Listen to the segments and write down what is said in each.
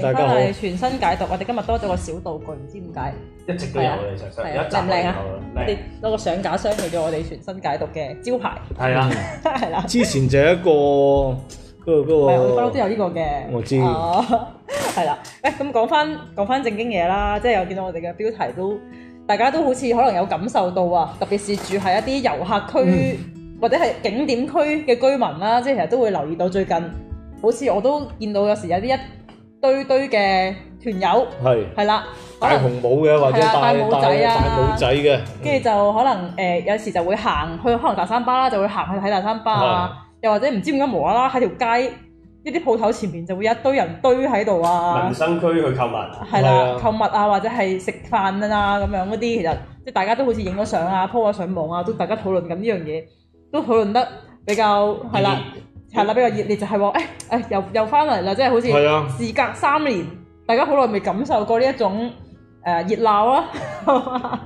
都係傳新解毒。我哋今日多咗個小道具，唔知點解一直都有我哋上身，一啊，又冇、啊。我哋攞個相架箱去做我哋傳新解毒嘅招牌。係啊，係啦、 啊。之前就一個嗰個嗰個。這個那個、我都有呢個嘅。我知。係啦、啊。誒、啊，咁、欸、講翻講翻正經嘢啦，即係又見到我哋嘅標題都，大家都好似可能有感受到啊。特別是住喺一啲遊客區、嗯、或者係景點區嘅居民啦，即係其實都會留意到最近，好似我都見到有時有啲一。堆堆嘅團友係係啦，大紅帽嘅或者大帽仔啊，帽仔嘅，跟住就可能誒有時就會行去可能大三巴，就會行去睇大三巴啊，又或者唔知點解無啦啦喺條街一啲鋪頭前面就會有一堆人堆喺度啊，民生區去購物係啦，購物啊或者係食飯啊咁樣嗰啲，其實即係大家都好似影咗相啊，po 咗上網啊，都大家討論緊呢樣嘢，都討論得比較係啦。係啦，比較熱烈就係話，誒誒，又又翻嚟啦，即係好似，係啊，事隔三年，是啊、大家好耐未感受過呢一種誒熱鬧啦。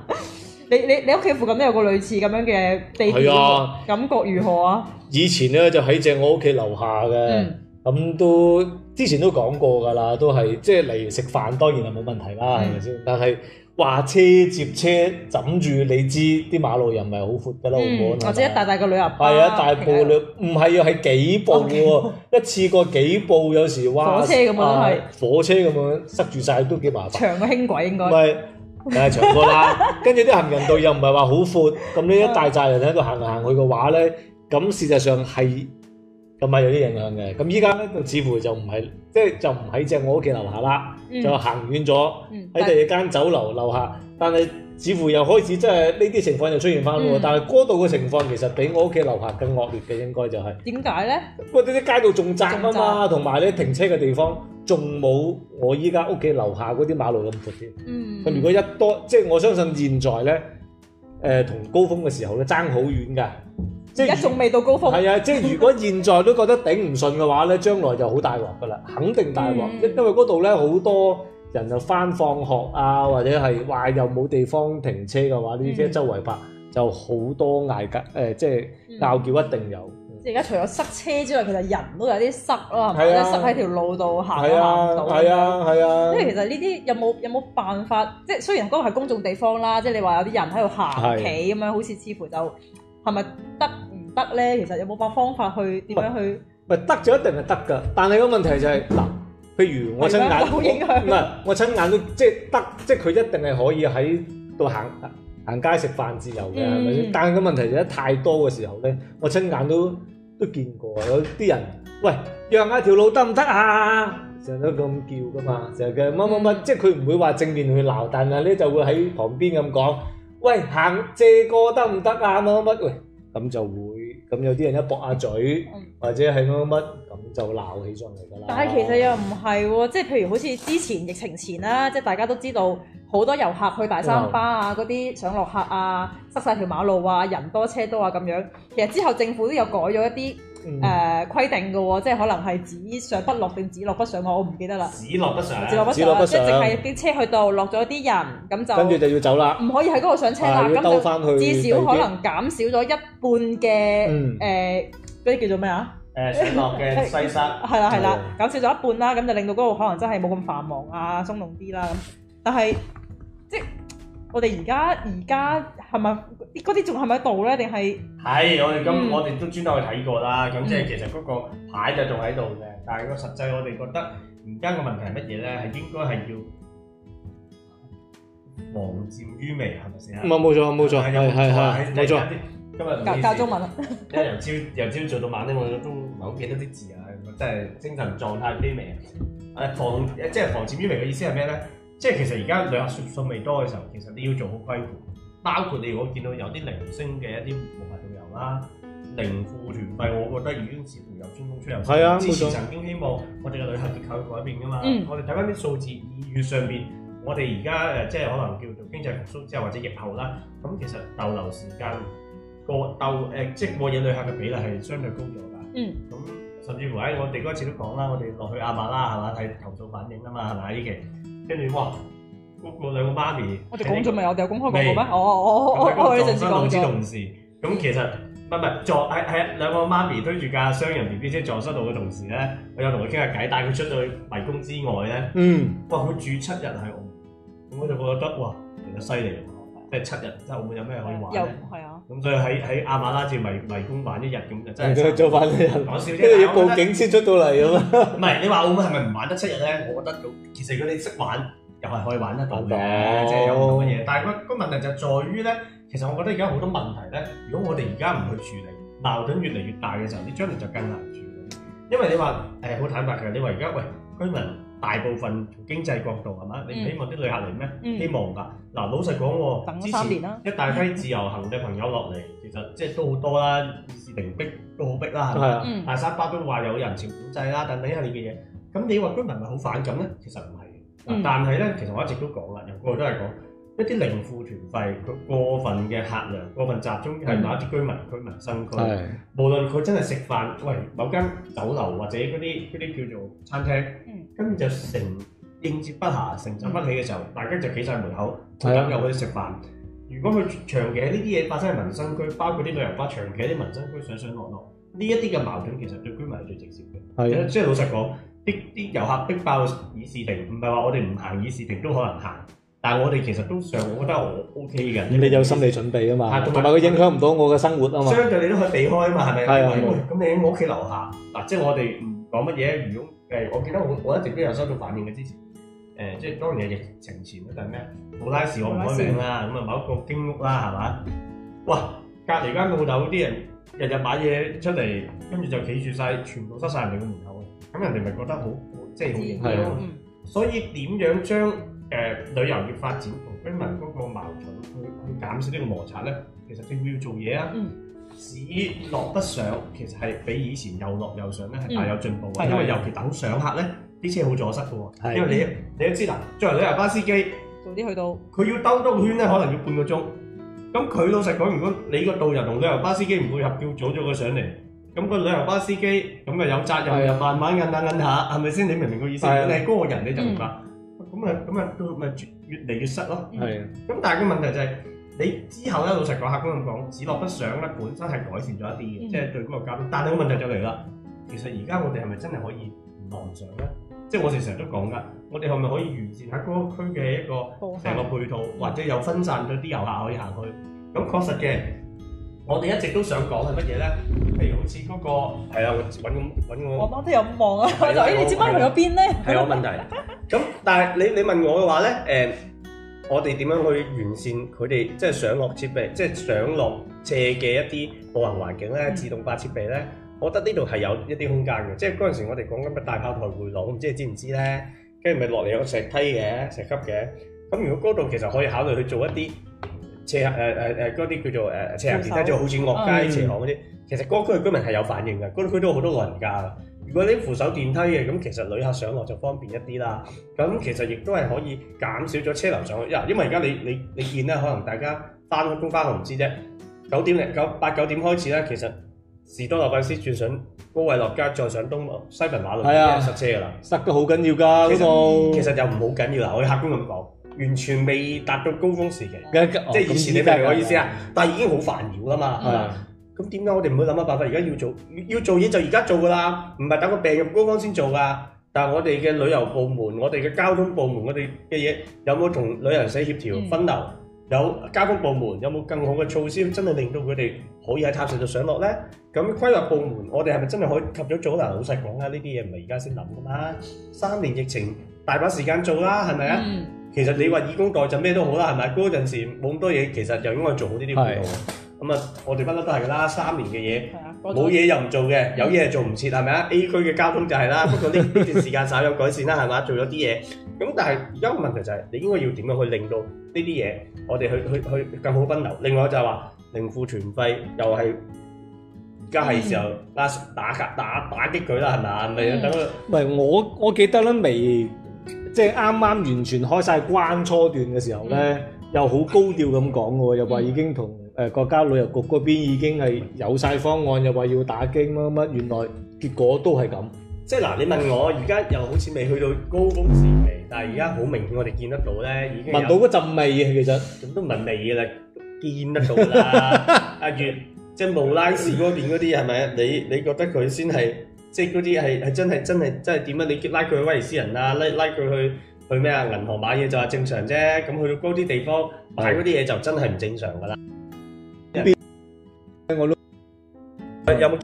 你你你屋企附近都有個類似咁樣嘅地點，是啊、感覺如何啊？以前咧就喺正我屋企樓下嘅，咁、嗯、都之前都講過噶啦，都係即係嚟食飯，當然係冇問題啦，係咪先？但係。話車接車枕住，你知啲馬路又唔係好闊嘅咯，或者、嗯、吧一大大個旅行包，係啊大部，唔係要係幾部喎，一次過幾部，有時哇火、啊，火車咁樣係，火車咁樣塞住晒都幾麻煩，長個輕軌應該，唔係，梗係長過啦，跟住啲行人道又唔係話好闊，咁呢 一大扎人喺度行嚟行去嘅話咧，咁事實上係。咁咪有啲影響嘅，咁依家咧就似乎就唔係，即係就唔、是、喺只我屋企樓下啦，嗯、就行遠咗喺、嗯、第二間酒樓樓下。是的 但係似乎又開始即係呢啲情況又出現翻喎。嗯、但係嗰度嘅情況其實比我屋企樓下更惡劣嘅，應該就係點解咧？因為呢啲街道仲窄啊嘛，同埋咧停車嘅地方仲冇我依家屋企樓下嗰啲馬路咁闊添。咁、嗯、如果一多，即、就、係、是、我相信現在咧，誒、呃、同高峰嘅時候咧爭好遠㗎。即而家仲未到高峰，係啊！即係如果現在都覺得頂唔順嘅話咧，將來就好大鑊噶啦，肯定大鑊。嗯、因為嗰度咧好多人就翻放學啊，或者係話又冇地方停車嘅話，啲車周圍泊就好多嗌交誒，即係鬧交，叫一定有。即係而家除咗塞車之外，其實人都有啲塞啦，係咪？啊、塞喺條路度行都行唔到，係啊係啊。啊啊因為其實呢啲有冇有冇辦法？即係雖然嗰個係公眾地方啦，即係你話有啲人喺度行企咁樣，好似似乎就。係咪得唔得呢？其實有冇把方法去點樣去？唔係得就一定係得㗎，但係個問題就係、是、嗱，譬如我親眼都我影響。嗱，我親眼都即係得，即係佢一定係可以喺度行行街食飯自由嘅，係咪先？嗯、但係個問題就係、是、太多嘅時候呢，我親眼都都見過有啲人，喂，讓下條路得唔得啊？成日都咁叫㗎嘛，成日佢乜乜乜，即係佢唔會話正面去鬧，但係咧就會喺旁邊咁講。喂，行借過得唔得啊？乜乜喂，咁就會咁有啲人一駁一下嘴，嗯、或者係乜乜，乜，咁就鬧起上嚟㗎啦。但係其實又唔係喎，啊、即係譬如好似之前疫情前啦，嗯、即係大家都知道好多遊客去大三巴啊，嗰啲、嗯、上落客啊，塞晒條馬路啊，人多車多啊咁樣。其實之後政府都有改咗一啲。誒、uh, 規定嘅喎，即係可能係只上不落定只落不上嘅，我唔記得啦。只落不上，只落不上，不上即係直係啲車去到落咗啲人，咁就跟住就要走啦。唔可以喺嗰度上車啦，咁、啊、就至少可能減少咗一半嘅誒嗰啲叫做咩啊？誒、呃、落嘅西山。係啦係啦，了減少咗一半啦，咁就令到嗰度可能真係冇咁繁忙啊，鬆動啲啦。但係即係我哋而家而家。係咪？啲嗰啲仲係咪喺度咧？定係係我哋咁，我哋都專登去睇過啦。咁即係其實嗰個牌就仲喺度嘅，但係個實際我哋覺得而家個問題係乜嘢咧？係應該係要防漸於微，係咪先？唔係冇錯，冇錯，係係係冇錯。今日教中文，因為由朝由朝做到晚咧，我都唔係好記得啲字啊，即係真係精神狀態卑微啊！防即係防漸於微嘅意思係咩咧？即係其實而家旅客信信未多嘅時候，其實你要做好規劃。包括你，我見到有啲零星嘅一啲無牌導遊啦，零負團費，我覺得已經似乎有中窿出油。係啊的，之前曾經希望我哋嘅旅客結構改變噶嘛。嗯、我哋睇翻啲數字，月上邊，我哋而家誒即係可能叫做經濟復蘇，之後或者疫後啦。咁其實逗留時間個逗誒、呃，即係過夜旅客嘅比例係相對高咗㗎。嗯。咁甚至乎喺、哎、我哋嗰次都講啦，我哋落去亞馬拉係嘛睇投訴反應啊嘛係咪？呢期跟住話。嗰個兩個媽咪，我哋講咗未？我哋有公開講過咩？哦哦哦，嗰陣時講咗。咁其實唔係唔係坐係係兩個媽咪推住架雙人 B B 車坐喺度嘅同時咧，我有同佢傾下偈，帶佢出到迷宮之外咧。嗯。哇！佢住七日喺澳，我就覺得哇，真係犀利啊！即係七日，即係澳門有咩可以玩咧？係啊。咁所以喺喺亞馬拉住迷迷宮玩一日咁，即係做翻啲講笑啫。跟住要報警先出到嚟咁。唔係你話澳門係咪唔玩得七日咧？我覺得其實佢哋識玩。又係可以玩得到嘅，即係有好多嘢。但係個問題就在於咧，其實我覺得而家好多問題咧，如果我哋而家唔去處理，矛盾越嚟越大嘅時候，你將來就更難處理。因為你話誒好坦白嘅，你話而家喂居民大部分從經濟角度係嘛？你唔希望啲旅客嚟咩？嗯、希望㗎。嗱老實講喎，之前一大批自由行嘅朋友落嚟，其實即係都好多啦，市面逼都好逼啦，係啊？大三巴都話有人潮管制啦，等等下你嘅嘢。咁你話居民咪好反感咧？其實唔係。但係咧，其實我一直都講啦，由過都係講一啲零團費，過分嘅客量過分集中，係某一啲居民區民生區，無論佢真係食飯，喂某間酒樓或者嗰啲啲叫做餐廳，跟住就成應接不暇，承受不起嘅時候，大家就企曬門口等入去食飯。如果佢長期喺呢啲嘢發生喺民生區，包括啲旅遊巴長期喺啲民生區上上落落，呢一啲嘅矛盾其實對居民係最直接嘅，即係老實講。啲啲遊客逼爆議事亭，唔係話我哋唔行議事亭都可能行，但係我哋其實都上，我覺得我 O K 嘅。你哋是有心理準備啊嘛？係，同埋佢影響唔到我嘅生活啊嘛。有是是相對你都可以避開啊嘛，係咪？咁你喺我屋企樓下嗱，即係我哋唔講乜嘢。如果誒、呃，我記得我我一直都有收到反應嘅之前，誒、呃，即係當然係疫情前嗰陣咩，無拉屎我唔開名啦，咁啊某一個經屋啦，係嘛？哇！隔離間屋頭啲人日日擺嘢出嚟，跟住就企住晒，全部塞晒人哋個門口。咁人哋咪覺得好即係好影響，所以點樣將誒、呃、旅遊業發展同居民嗰個矛盾去減少呢個摩擦咧？其實政府要做嘢啊。嗯、市落得上，其實係比以前又落又上咧，係大有進步、嗯、因為尤其等上客咧，啲車好阻塞嘅喎。嗯、因為你你都知啦，作為旅遊巴司機，早啲去到佢要兜多個圈咧，可能要半個鐘。咁佢老實講，如果你個導遊同旅遊巴司機唔配合，叫早咗佢上嚟。咁個旅遊巴司機，咁啊有責任，的慢慢摁下摁下，係咪先？你明唔明個意思？的你係嗰個人你就明白。咁啊咁啊，咪越嚟越塞咯。咁的但係個問題就係、是，你之後咧老實講，客觀咁講，只落得上咧本身係改善咗一啲嘅，即係、嗯、對嗰個交通。但係個問題就嚟啦，其實而家我哋係咪真係可以唔望上咧？即係的我哋成日都講噶，我哋係咪可以完善下嗰個區嘅一個成個配套，或者有分散到啲遊客可以行去？咁確實嘅。我哋一直都想講係乜嘢咧？譬如好似嗰個係啊，揾我揾我，我媽都有望啊！我就誒，你尖班去咗邊咧？係啊，問題。咁但係你你問我嘅話咧，誒，我哋點樣去完善佢哋即係上落設備，即係上落斜嘅一啲步行環境咧，自動化設備咧？我覺得呢度係有一啲空間嘅。即係嗰陣時我哋講緊嘅大炮台回廊，唔知你知唔知咧？跟住咪落嚟有個石梯嘅、石級嘅。咁如果嗰度其實可以考慮去做一啲。斜，呃呃呃、斜，斜行誒誒嗰啲叫做誒斜行電梯，就好似岳街斜行嗰啲，其實嗰區居民係有反應嘅，嗰、那個、區都好多老人家。如果你扶手電梯嘅，咁其實旅客上落就方便一啲啦。咁其實亦都係可以減少咗車流上去，因為而家你你你見咧，可能大家翻工翻學唔知啫。九點零九八九點開始咧，其實士多鳥拜斯轉上高偉樂街再上東西墳馬路已經係塞車噶啦，塞得好緊要㗎。其實麼其實又唔好緊要啦，可以客觀咁講。完全未達到高峰時期，哦、即係以前你明我意思啊！但係已經好煩擾啦嘛，咁點解我哋唔會諗下辦法？而家要做要做嘢就而家做噶啦，唔係等個病入高峰先做噶。但係我哋嘅旅遊部門、我哋嘅交通部門、我哋嘅嘢有冇同旅行社協調分流？嗯、有交通部門有冇更好嘅措施，真係令到佢哋可以喺塔石度上落咧？咁規劃部門，我哋係咪真係可以及早做？嗱，老實講啊，呢啲嘢唔係而家先諗噶嘛，三年疫情大把時間做啦，係咪啊？嗯其實你話以工代就咩都好啦，係咪？嗰陣時冇咁多嘢，其實就應該做好呢啲活動。咁啊的，我哋不嬲都係噶啦，三年嘅嘢，冇嘢的又唔做嘅，的有嘢又做唔切，係咪啊？A 區嘅交通就係啦， 不過呢呢段時間稍有改善啦，係咪？做咗啲嘢。咁但係而家嘅問題就係，你應該要點樣去令到呢啲嘢我哋去去去，去更好分流？另外就係話零付全費，又係而家係時候打、嗯、打打打擊佢啦，係嘛？咪等佢？唔係他我我記得啦，未。即係啱啱完全開晒關初段嘅時候咧，嗯、又好高調咁講喎，嗯、又話已經同誒國家旅遊局嗰邊已經係有晒方案，又話要打擊乜乜，原來結果都係咁。即係嗱，你問我而家、嗯、又好似未去到高峰時期，但係而家好明顯我哋見得到咧，已經聞到嗰陣味，其實都唔係味嘅啦，見得到啦。阿、 啊、月，即係無拉士嗰邊嗰啲係咪啊？你你覺得佢先係？即係嗰啲係係真係真係真係點啊！你拉佢去威尼斯人啊，拉拉佢去去咩啊？銀行買嘢就話正常啫。咁去到嗰啲地方買嗰啲嘢就真係唔正常噶啦。我都有冇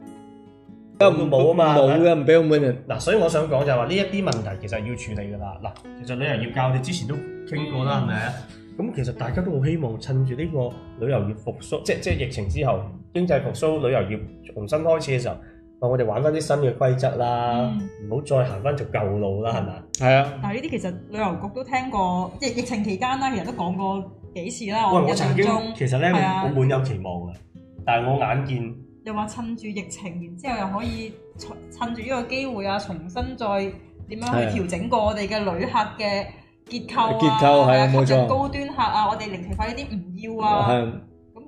都冇啊嘛，冇嘅唔俾澳門人。嗱，所以我想講就係話呢一啲問題其實要處理噶啦。嗱，其實旅遊業教我哋之前都傾過啦，係咪啊？咁其實大家都好希望趁住呢個旅遊業復甦，即即係疫情之後經濟復甦，旅遊業重新開始嘅時候。我哋玩翻啲新嘅規則啦，唔好、嗯、再行翻條舊路啦，係咪？係啊。但係呢啲其實旅遊局都聽過，疫疫情期間啦，其實都講過幾次啦。喂我中我曾經其實咧，啊、我好滿有期望嘅，但係我眼見、啊、又話趁住疫情，然之後又可以趁住呢個機會啊，重新再點樣去調整過我哋嘅旅客嘅結構啊，吸引高端客啊，我哋零團費啲唔要啊。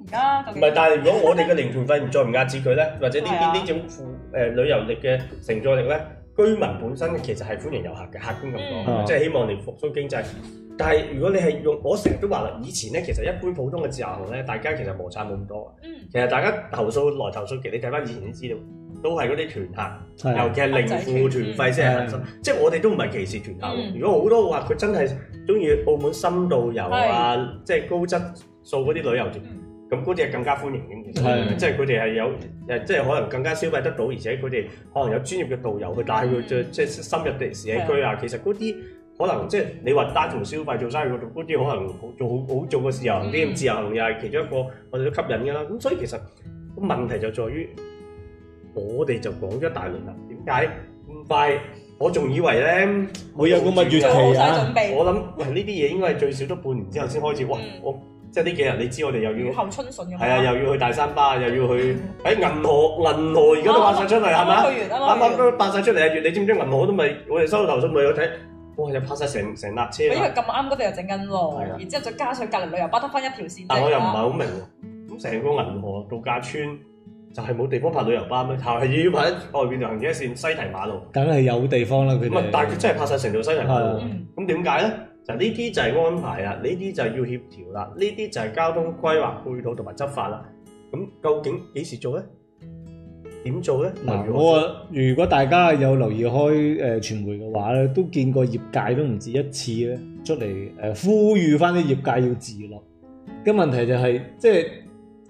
唔係，但係如果我哋嘅零團費，唔再唔壓止佢咧，或者呢啲呢種負旅遊力嘅承載力咧，居民本身其實係歡迎遊客嘅，客觀咁講，即係希望你復甦經濟。但係如果你係用，我成日都話啦，以前咧其實一般普通嘅自由行咧，大家其實摩擦冇咁多，其實大家投訴來投訴去，你睇翻以前啲資料，都係嗰啲團客，尤其係零負團費先係核心，即係我哋都唔係歧視團客。如果好多話，佢真係中意澳門深度遊啊，即係高質素嗰啲旅遊團。咁嗰啲係更加歡迎嘅，其實的即係佢哋係有誒，即係可能更加消費得到，而且佢哋可能有專業嘅導遊去帶佢即係深入地社區啊。佢話的其實嗰啲可能即係你話單純消費做生意嗰種，嗰啲可能做好好做嘅自由行啲，自由行又係其中一個我哋都吸引嘅啦。咁所以其實問題就在於我哋就講咗一大輪啦。點解咁快？我仲以為咧冇有咁咪要期啊！我諗呢啲嘢應該係最少都半年之後先開始。嗯、哇！我即係呢幾日，你知我哋又要，雨後春筍咁，係啊，又要去大三巴，又要去喺銀河銀河，而家都拍晒出嚟，係咪啱啱都拍晒出嚟啊！你知唔知銀河都咪我哋收到頭先咪有睇，哇！又拍晒成成架車。因為咁啱嗰度又整緊喎，對啊、然之後再加上隔離旅遊巴得翻一條線。但係我又唔係好明喎，咁成個銀河度假村就係、是、冇地方拍旅遊巴咩？係要拍外邊條行車線西堤馬路。梗係有地方啦，佢咁但係佢真係拍晒成條西堤馬路。咁點解咧？ 嗯呢啲就係安排啦，呢啲就係要協調啦，呢啲就係交通規劃配套同埋執法啦。咁究竟幾時做咧？點做咧？嗱果，我如果大家有留意開誒傳、呃、媒嘅話咧，都見過業界都唔止一次咧，出嚟誒呼籲翻啲業界要自律。咁問題就係、是、即係。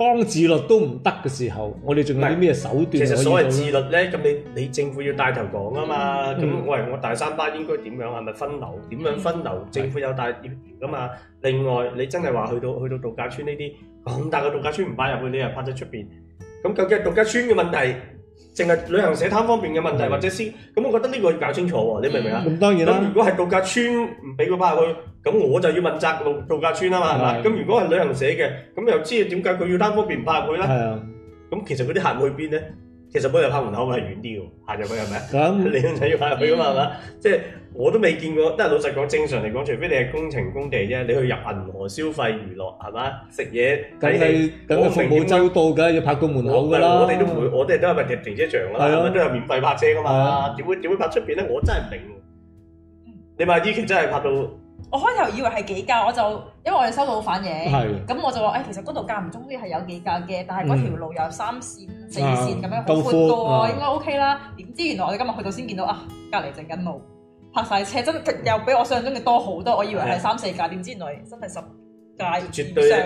當自律都唔得嘅時候，我哋仲有啲咩手段？其實所謂自律呢，咁你，你政府要帶頭講啊嘛。咁喂、嗯，我大三巴應該點樣？係咪分流？點樣分流？嗯、政府有帶要噶嘛？另外，你真係話去到去到度假村呢啲咁大嘅度假村唔擺入去，你係擺在出邊？咁究竟係度假村嘅問題？淨係旅行社貪方便嘅問題，嗯、或者先咁，我覺得呢個要搞清楚喎，你明唔明啊？咁、嗯、當然啦。如果係度假村唔俾佢拍入去，咁我就要問責度假村啊嘛，係的如果係旅行社嘅，咁又知點解佢要貪方便唔拍入去咧？的其實嗰啲客去邊咧？其實本來拍門口咪遠啲喎？下入去係咪、 嗯、 你都就要入去啊嘛，即係我都未見過，即係老實講，正常嚟講，除非你係工程工地啫，你去入銀河、消費、娛樂係嘛？食嘢、睇戲，我服務周到，梗係要拍個門口噶、嗯、我哋都唔會，我哋都係為入停車場啦，是啊、都係免費泊車噶嘛，點、啊、會點會泊出邊呢？我真係唔明白。你話呢期真係拍到？我開頭以為係幾架，我就因為我哋收到反應，咁我就話：誒，其實嗰度間唔中啲係有幾架嘅，但係嗰條路有三線四線咁樣好寬嘅喎，應該 OK 啦。點知原來我哋今日去到先見到啊，隔離整緊路，泊晒車，真又比我想像中嘅多好多。我以為係三四架，點知原來真係十架以上，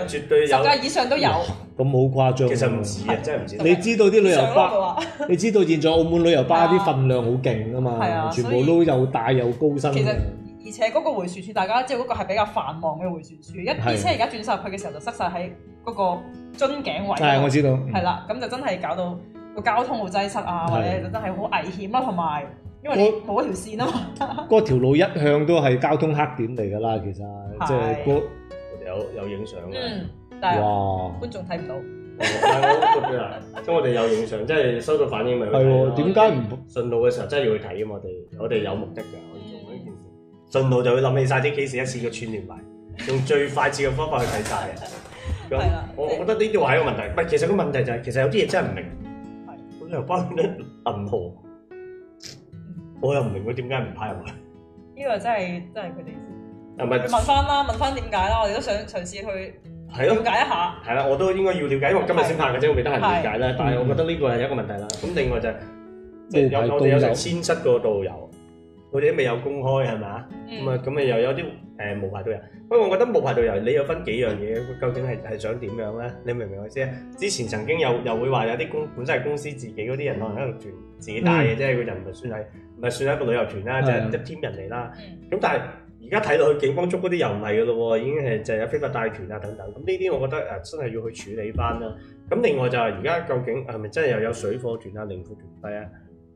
絕對，十架以上都有。咁好誇張，其實唔止啊，真係唔止。你知道啲旅遊巴，你知道現在澳門旅遊巴啲份量好勁啊嘛，全部都又大又高身。而且嗰個迴旋處，大家知道嗰個係比較繁忙嘅迴旋處，一而且而家轉曬入去嘅時候就塞曬喺嗰個樽頸位。係，我知道。係啦，咁就真係搞到個交通好擠塞啊，或者真係好危險啊，同埋因為冇一條線啊嘛。嗰條路一向都係交通黑點嚟㗎啦，其實即係我哋有有影相嘅。嗯。但係，哇！觀眾睇唔到。咁我哋有影相，即係收到反應咪去睇咯。係喎，點解唔順路嘅時候真係要去睇嘅？我哋我哋有目的㗎。順路就會諗起晒，啲 case 一次嘅串聯埋，用最快捷嘅方法去睇晒。嘅。咁我覺得呢句話係一個問題。唔其實個問題就係、是、其實有啲嘢真係唔明。咁又包括咧銀河，我又唔明佢點解唔派入嚟。呢個真係真係佢哋先。咪、啊、問翻啦，問翻點解啦？我哋都想嘗試去瞭解一下。係啦的，我都應該要了解，因為今日先派嘅啫，我未看 得閒瞭解啦。的但係我覺得呢個係一個問題啦。咁另外就係、是嗯嗯、有我哋有成千七個導遊。佢哋未有公開係咪？咁啊咁啊又有啲誒無牌導遊。不、呃、過我覺得無牌導遊，你有分幾樣嘢？究竟係係想點樣咧？你明唔明我意思啊？之前曾經有又會話有啲公本身係公司自己嗰啲人，人，可能喺度團自己帶嘅，嗯、即係個人唔係算係唔係算係一個旅遊團啦，即係入添人嚟啦。咁、嗯嗯、但係而家睇落去警方捉嗰啲又唔係㗎咯，已經係就係、有非法帶團啊等等。咁呢啲我覺得誒、呃、真係要去處理翻啦。咁另外就係而家究竟係咪真係又有水貨團啊、零貨團費啊？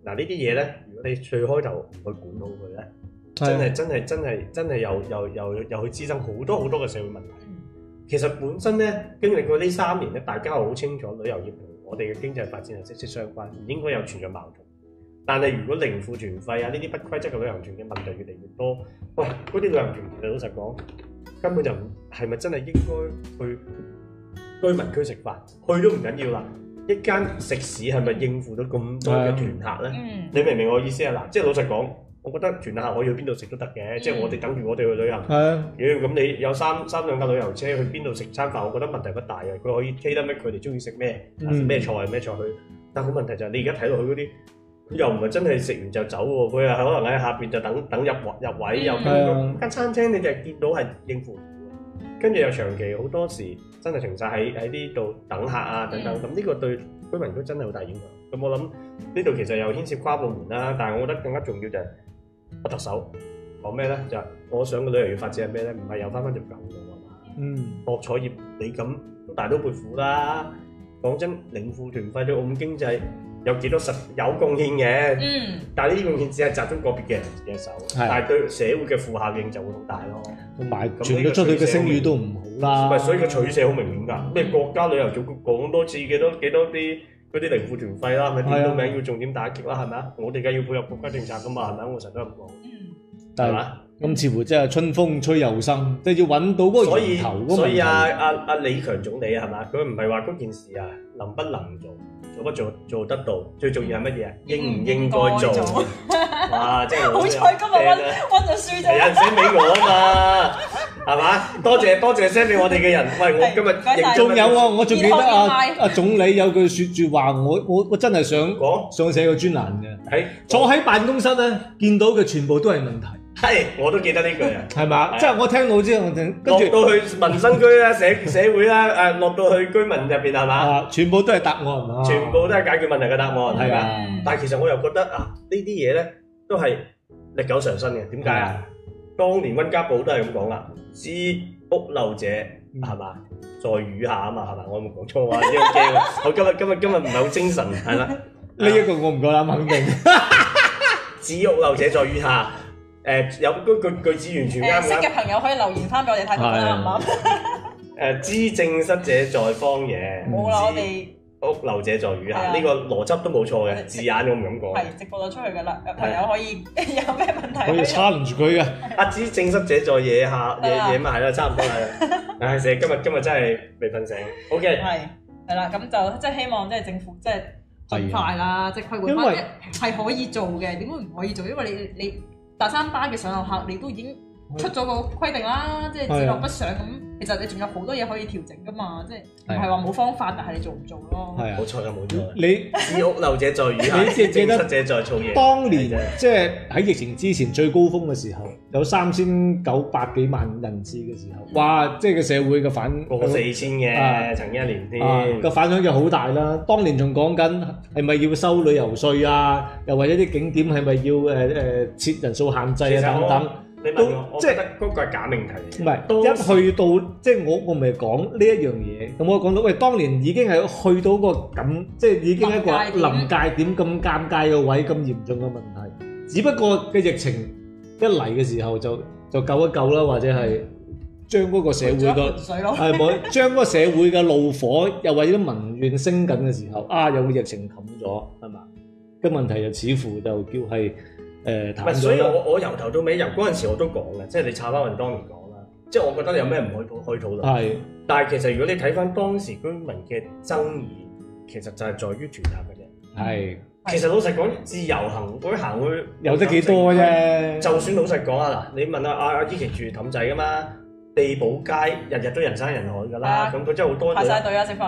嗱呢啲嘢咧，如果你最開頭唔去管到佢咧，真係真係真係真係又又又又去滋生好多好多嘅社會問題。其實本身咧，經歷過呢三年咧，大家好清楚旅遊業同我哋嘅經濟發展係息息相關，唔應該有存在矛盾。但係如果零負團費啊呢啲不規則嘅旅行團嘅問題越嚟越多，喂，嗰啲旅行團其實老實講，根本就唔係咪真係應該去居民區食飯？去都唔緊要啦。一間食肆係咪應付到咁多嘅團客呢？嗯、你明唔明我意思啊？嗱，即係老實講，我覺得團客可以去邊度食都得嘅，嗯、即係我哋等住我哋去旅行。係啊，咁你有三三兩架旅遊車去邊度食餐飯，我覺得問題不大啊。佢可以 c 跟住又長期好多時真係停曬喺喺呢度等客啊等等，咁呢個對居民都真係好大影響。咁我諗呢度其實又牽涉跨部門啦，但係我覺得更加重要就係特首講咩咧，就係我想個旅遊業發展係咩咧，唔係又翻翻條舊路啊嘛。嗯，博彩業你咁都大刀闊斧啦，講真，零負團費對澳門經濟。有幾多實有貢獻嘅，但係呢啲貢獻只係集中個別嘅人嘅手，但係對社會嘅負效應就會好大咯。同埋，傳出嚟嘅聲譽都唔好啦。唔係，所以佢取捨好明顯㗎。咩國家旅遊總局講多次幾多幾多啲嗰啲零負團費啦，係咪？點到名要重點打擊啦，係咪啊？我哋梗係要配合國家政策㗎嘛，係咪啊？我成日都咁講，係嘛？咁似乎即係春風吹又生，即係要揾到嗰個源頭。所以，所以阿阿阿李強總理係嘛？佢唔係話嗰件事啊。能不能做，做不做，做得到？最重要係乜嘢啊？應唔應該做？該做 哇！即係、啊、好彩今日揾揾到有人寫俾我啊嘛，係嘛？ 多謝 多謝寫俾我哋嘅人。喂，我今日仲有啊，我仲記得啊啊總理有句説話說，我我我真係想說想寫個專欄嘅。坐喺辦公室咧，見到嘅全部都係問題。係，我都記得呢句啊，係嘛，即係我聽到之後，跟住到去民生區啦、社社會啦、誒落到去居民入邊，係嘛，全部都係答案，全部都係解決問題嘅答案，係嘛。但係其實我又覺得啊，呢啲嘢咧都係歷久常新嘅。點解啊？當年溫家寶都係咁講啦，知屋漏者係嘛，在雨下啊嘛，係嘛，我有冇講錯啊？我今日今日今日唔係好精神，係啦，呢一個我唔夠膽肯定。「知屋漏者在雨下。誒，有句句子完全唔啱。識嘅朋友可以留言翻俾我哋睇睇啦，唔啱？誒，知正失者在荒野，冇啦，我哋屋漏者在雨下，呢個邏輯都冇錯嘅字眼，我唔咁講。係直播咗出去噶啦，朋友可以有咩問題？可以 challenge 佢嘅。阿知正失者在野下野野嘛，係啦，差唔多啦。唉，成日今日今日真係未瞓醒。OK，係係啦，咁就即係希望，即係政府即係盡快啦，即係佢會，因係可以做嘅，點解唔可以做？因為你你。大三巴嘅上落客，你都已經出咗個規定啦。的即係只落不上，其實你仲有好多嘢可以調整㗎嘛，即係唔係話冇方法，對但係你做唔做咯？係啊，冇錯，冇錯你自屋漏者在魚下，失者在草。 當年即係喺疫情之前最高峰嘅時候，有三千九百幾萬人次嘅時候，哇！即係個社會嘅反響有四千嘅，呃、曾一年添。個、呃、反響就好大啦。當年仲講緊係咪要收旅遊稅啊？又或者啲景點係咪要誒設人數限制啊？等等。都即係嗰個係假命題嚟嘅，唔係一去到，即係我我咪講呢一樣嘢。咁我講到喂，當年已經係去到個咁，即係已經係一個臨界點，咁尷尬嘅位，咁嚴重嘅問題。只不過個疫情一嚟嘅時候就就救一救啦，或者係將嗰個社會嘅係冇將嗰個社會嘅怒火又或者民怨升緊嘅時候，啊有個疫情冚咗係嘛？個問題就似乎就叫係。誒，所以我我由頭到尾由嗰陣時我都講嘅，即係你拆翻雲當年講啦，即係我覺得有咩唔可以討可以討論。係的，但係其實如果你睇翻當時居民嘅爭議，其實就係在於團體嘅啫。係的，其實老實講，自由行會行會有得幾多啫？就算老實講啊嗱，你問下、啊、阿阿依琪住氹仔㗎嘛？地堡街日日都人山人海㗎啦，咁佢的真係好多排、啊、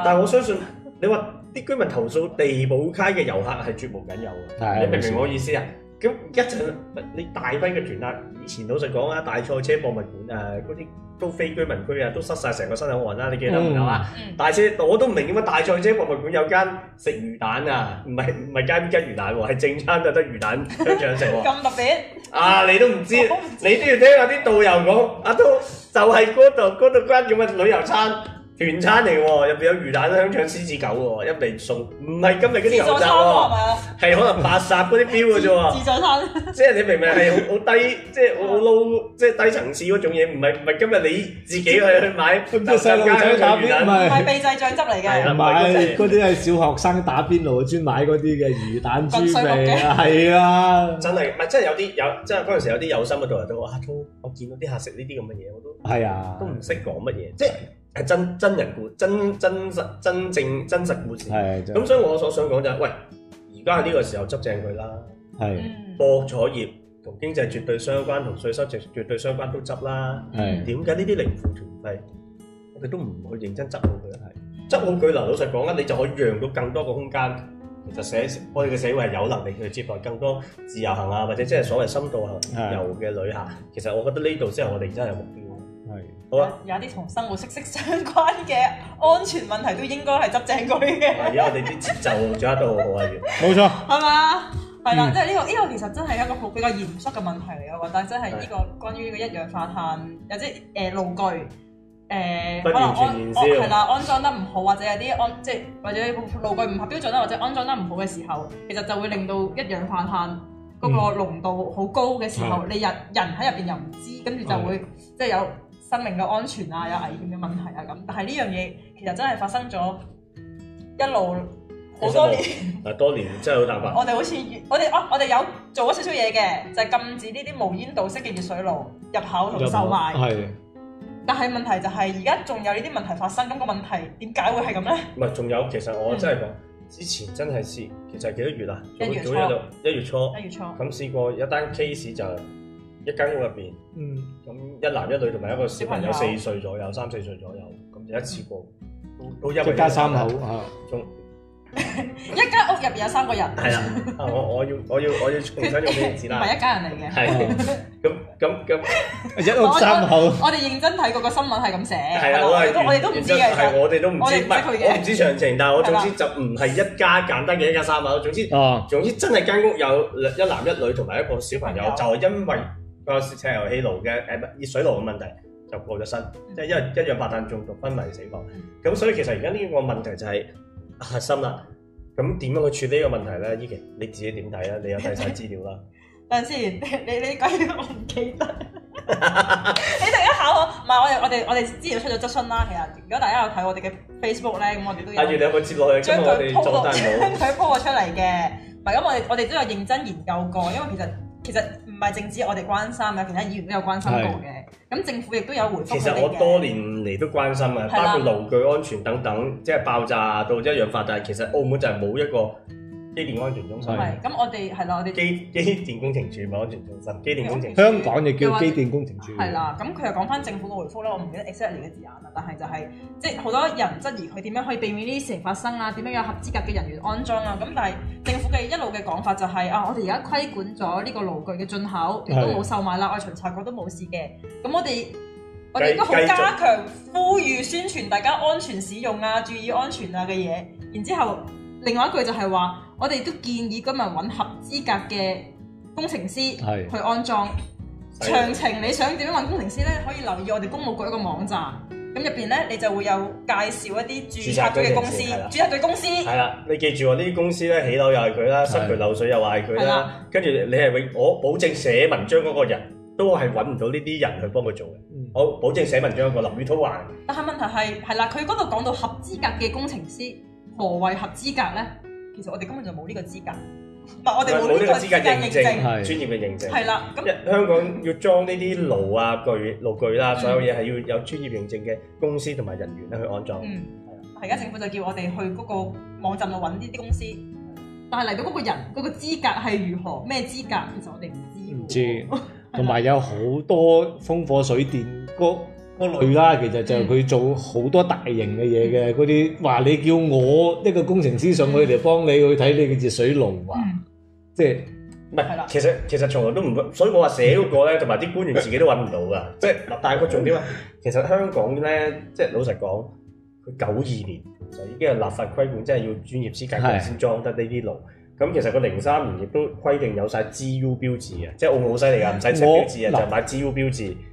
但係我相信你話啲居民投訴地堡街嘅遊客係絕無僅有嘅，的你明唔明，明我意思啊？嗯咁一陣你大班嘅團啊，以前老實講啊，大賽車博物館啊，嗰啲都非居民區啊，都塞晒成個新口岸啦，啊，你記得唔啊？嗯，大車我都唔明點解大賽車博物館有間食魚蛋啊，唔係唔係街邊吉魚蛋喎，啊，係正餐就得魚蛋想食喎，啊。咁特別啊！你都唔知，知你都要聽阿啲導遊講，阿，啊，都，就係嗰度嗰度間叫乜旅遊餐。全餐嚟喎，入邊有魚蛋、香腸、獅子狗喎，一味餸。唔係今日嗰啲油炸喎，係可能八十嗰啲標嘅啫自助餐。即係你明明係好低，即係好 low，即係低層次嗰種嘢，唔係唔係今日你自己係去買。細路仔打魚蛋，係秘製醬汁嚟嘅。唔係嗰啲係小學生打邊爐專買嗰啲嘅魚蛋，豬味。係啊，真係唔係真係有啲有即係嗰陣時有啲有心嘅導遊阿叔，我見到啲客食呢啲咁嘅嘢，我都啊，都唔識講乜嘢，即係。係真真人故真真實真正真實故事，咁所以我所想講就係，喂，而家喺呢個時候執正佢啦，係，博彩業同經濟絕對相關，同稅收絕絕對相關都執啦，係，點解呢啲零負團費，我哋都唔去認真執好佢係，執好佢，嗱老實講啦，你就可以讓到更多個空間，其實社我哋嘅社會係有能力去接待更多自由行啊，或者即係所謂深度遊嘅旅客，其實我覺得呢度先係我哋真係有目標，係。有啲同生活息息相關嘅安全問題都應該係執正佢嘅。而家我哋啲節奏掌握得好好啊，冇錯。係嘛？係啦，即係呢個呢個其實真係一個好比較嚴肅嘅問題嚟嘅，我覺得。即係呢個關於呢個一氧化碳有啲誒爐具誒可能安安係啦安裝得唔好，或者有啲安即係或者爐具唔合標準啦，或者安裝得唔好嘅時候，其實就會令到一氧化碳嗰個濃度好高嘅時候，你人人喺入邊又唔知，跟住就會即係有。生命嘅安全啊，有危險嘅問題啊咁，但係呢樣嘢其實真係發生咗一路好多年。係 多年，真係 好大。我哋好似我哋哦，我哋有做咗少少嘢嘅，就係、是、禁止呢啲無煙道式嘅熱水爐入口同售賣。係。但係問題就係而家仲有呢啲問題發生，咁、那個問題點解會係咁咧？唔係，仲有其實我真係、講、之前真係試，其實幾多月啊？一月一月初。一月初。咁、嗯、試過一單 case 就是。一間屋入邊，咁一男一女同埋一個小朋友四歲左右，三四歲左右，咁就一次過，到一家三口，仲一間屋入邊有三個人，係啦，我我要我要，重新用咩字啦，唔係一家人嚟嘅，係，咁咁咁一屋三口，我哋認真睇過個新聞係咁寫，係啊，我係，我哋都唔知嘅，哋都唔知嘅我哋都唔知我唔知詳情，但係我總之就唔係一家簡單嘅一家三口，總之，總之真係間屋有一男一女同埋一個小朋友，就係因為。個石油氣爐嘅誒熱水爐嘅問題就過咗身，即係因為一樣一氧化碳中毒昏迷死亡。咁、嗯、所以其實而家呢個問題就係核心啦。咁點樣去處理呢個問題咧？依期你自己點睇啊？你有睇晒資料啦。等陣先，你你講嘢我唔記得。 你突然間考我，唔係我哋我哋我哋之前出咗質詢啦。其實如果大家有睇我哋嘅 Facebook 咧，咁我哋都帶住有個接落去將佢鋪落將佢鋪咗出嚟嘅。唔係咁，我哋我哋都有認真研究過，因為其實其實。唔係政治，我哋關心嘅其他議員都有關心過嘅。咁的政府亦都有回覆。其實我多年嚟都關心啊，的包括爐具安全等等，即係爆炸到、啊、一樣發達。其實澳門就係冇一個機電安全中心，咁的的我哋係啦，我哋機機電工程署，唔係安全中心，機電工程香港就叫機電工程署說。係啦，咁佢又講翻政府嘅回覆咧，我唔記得 exactly 嘅字眼啦，但係就係、是、即係好多人質疑佢點樣可以避免呢啲事情發生啦，點樣有合資格嘅人員安裝啦？咁但係政府嘅一路嘅講法就係、是、啊，我哋而家規管咗呢個爐具嘅進口，亦都冇售賣啦，的我巡查過都冇事嘅。咁我哋續我哋都好加強呼籲宣傳，大家安全使用啊，注意安全啊嘅嘢。然之後另外一句就係話。我哋都建議居民揾合資格嘅工程師去安裝。詳情的你想點樣揾工程師咧？可以留意我哋公務局一個網站。咁入邊咧，你就會有介紹一啲註冊咗嘅公司。註冊咗公司係啦的的。你記住喎，呢啲公司咧，起樓又係佢啦，塞渠漏水又係佢啦。跟住的的你係永，我保證寫文章嗰個人都係揾唔到呢啲人去幫佢做嘅。嗯、我保證寫文章個林宇滔話。但係問題係係啦，佢嗰度講到合資格嘅工程師，何謂合資格咧？其實我哋根本就冇呢個資格，唔係我哋冇呢個資格嘅認證，專業嘅認證係啦。咁香港要裝呢啲爐啊具爐具啦，所有嘢係要有專業認證嘅公司同埋人員咧去安裝。嗯，係啦。而家政府就叫我哋去嗰個網站度搵呢啲公司，但係嚟到嗰個人嗰個資格係如何咩資格？其實我哋唔知。唔知，同埋有好多風火水電局。嗰類啦，其實就係佢做好多大型嘅嘢嘅，嗰啲話你叫我一個工程師上去佢哋幫你去睇你嗰條水路啊，嗯、即係唔係啦？其實其實從來都唔，所以我話寫嗰、那個咧，同埋啲官員自己都揾唔到噶，即係嗱。但係個重點啊， 其實香港咧，即係老實講，佢九二年就已經係立法規管，即係要專業資格先裝得呢啲路。咁是的 其實個零三年亦都規定有晒 G U 標誌啊，即係澳門好犀利噶，唔使車標誌啊，就買 G U 標誌。我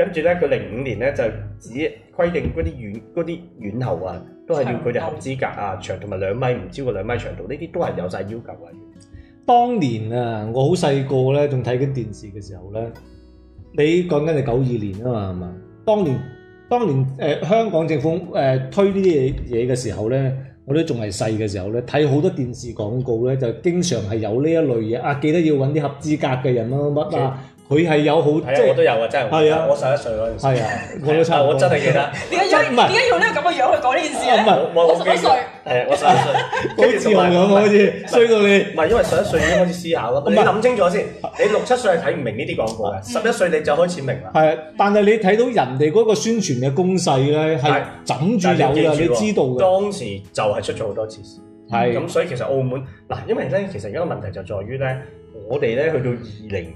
跟住咧，佢零五年咧就只規定嗰啲軟，嗰啲軟喉啊，都係要佢哋合資格啊，長同埋兩米唔超過兩米長度，呢啲都係有晒要求嘅。當年啊，我好細個咧，仲睇緊電視嘅時候咧，你講緊係九二年啊嘛，係嘛？當年當年誒、呃、香港政府誒、呃、推呢啲嘢嘢嘅時候咧，我都仲係細嘅時候咧，睇好多電視廣告咧，就經常係有呢一類嘢啊，記得要揾啲合資格嘅人咯，乜啊？Okay. 佢係有好，係我都有嘅，真係。係啊，我十一歲嗰陣時。係啊，我老細，我真係記得。點解要點解要呢個咁嘅樣去講呢件事咧？我十一歲。係啊，我十一歲，幾時問我？好似衰到你。唔係因為十一歲已經開始思考啦。你諗清楚先，你六七歲係睇唔明呢啲廣告嘅，十一歲你就開始明啦。係啊，但係你睇到人哋嗰個宣傳嘅攻勢咧，係枕住有嘅，你知道嘅。當時就係出咗好多次事，係咁，所以其實澳門嗱，因為咧，其實而家個問題就在於咧，我哋咧去到二零。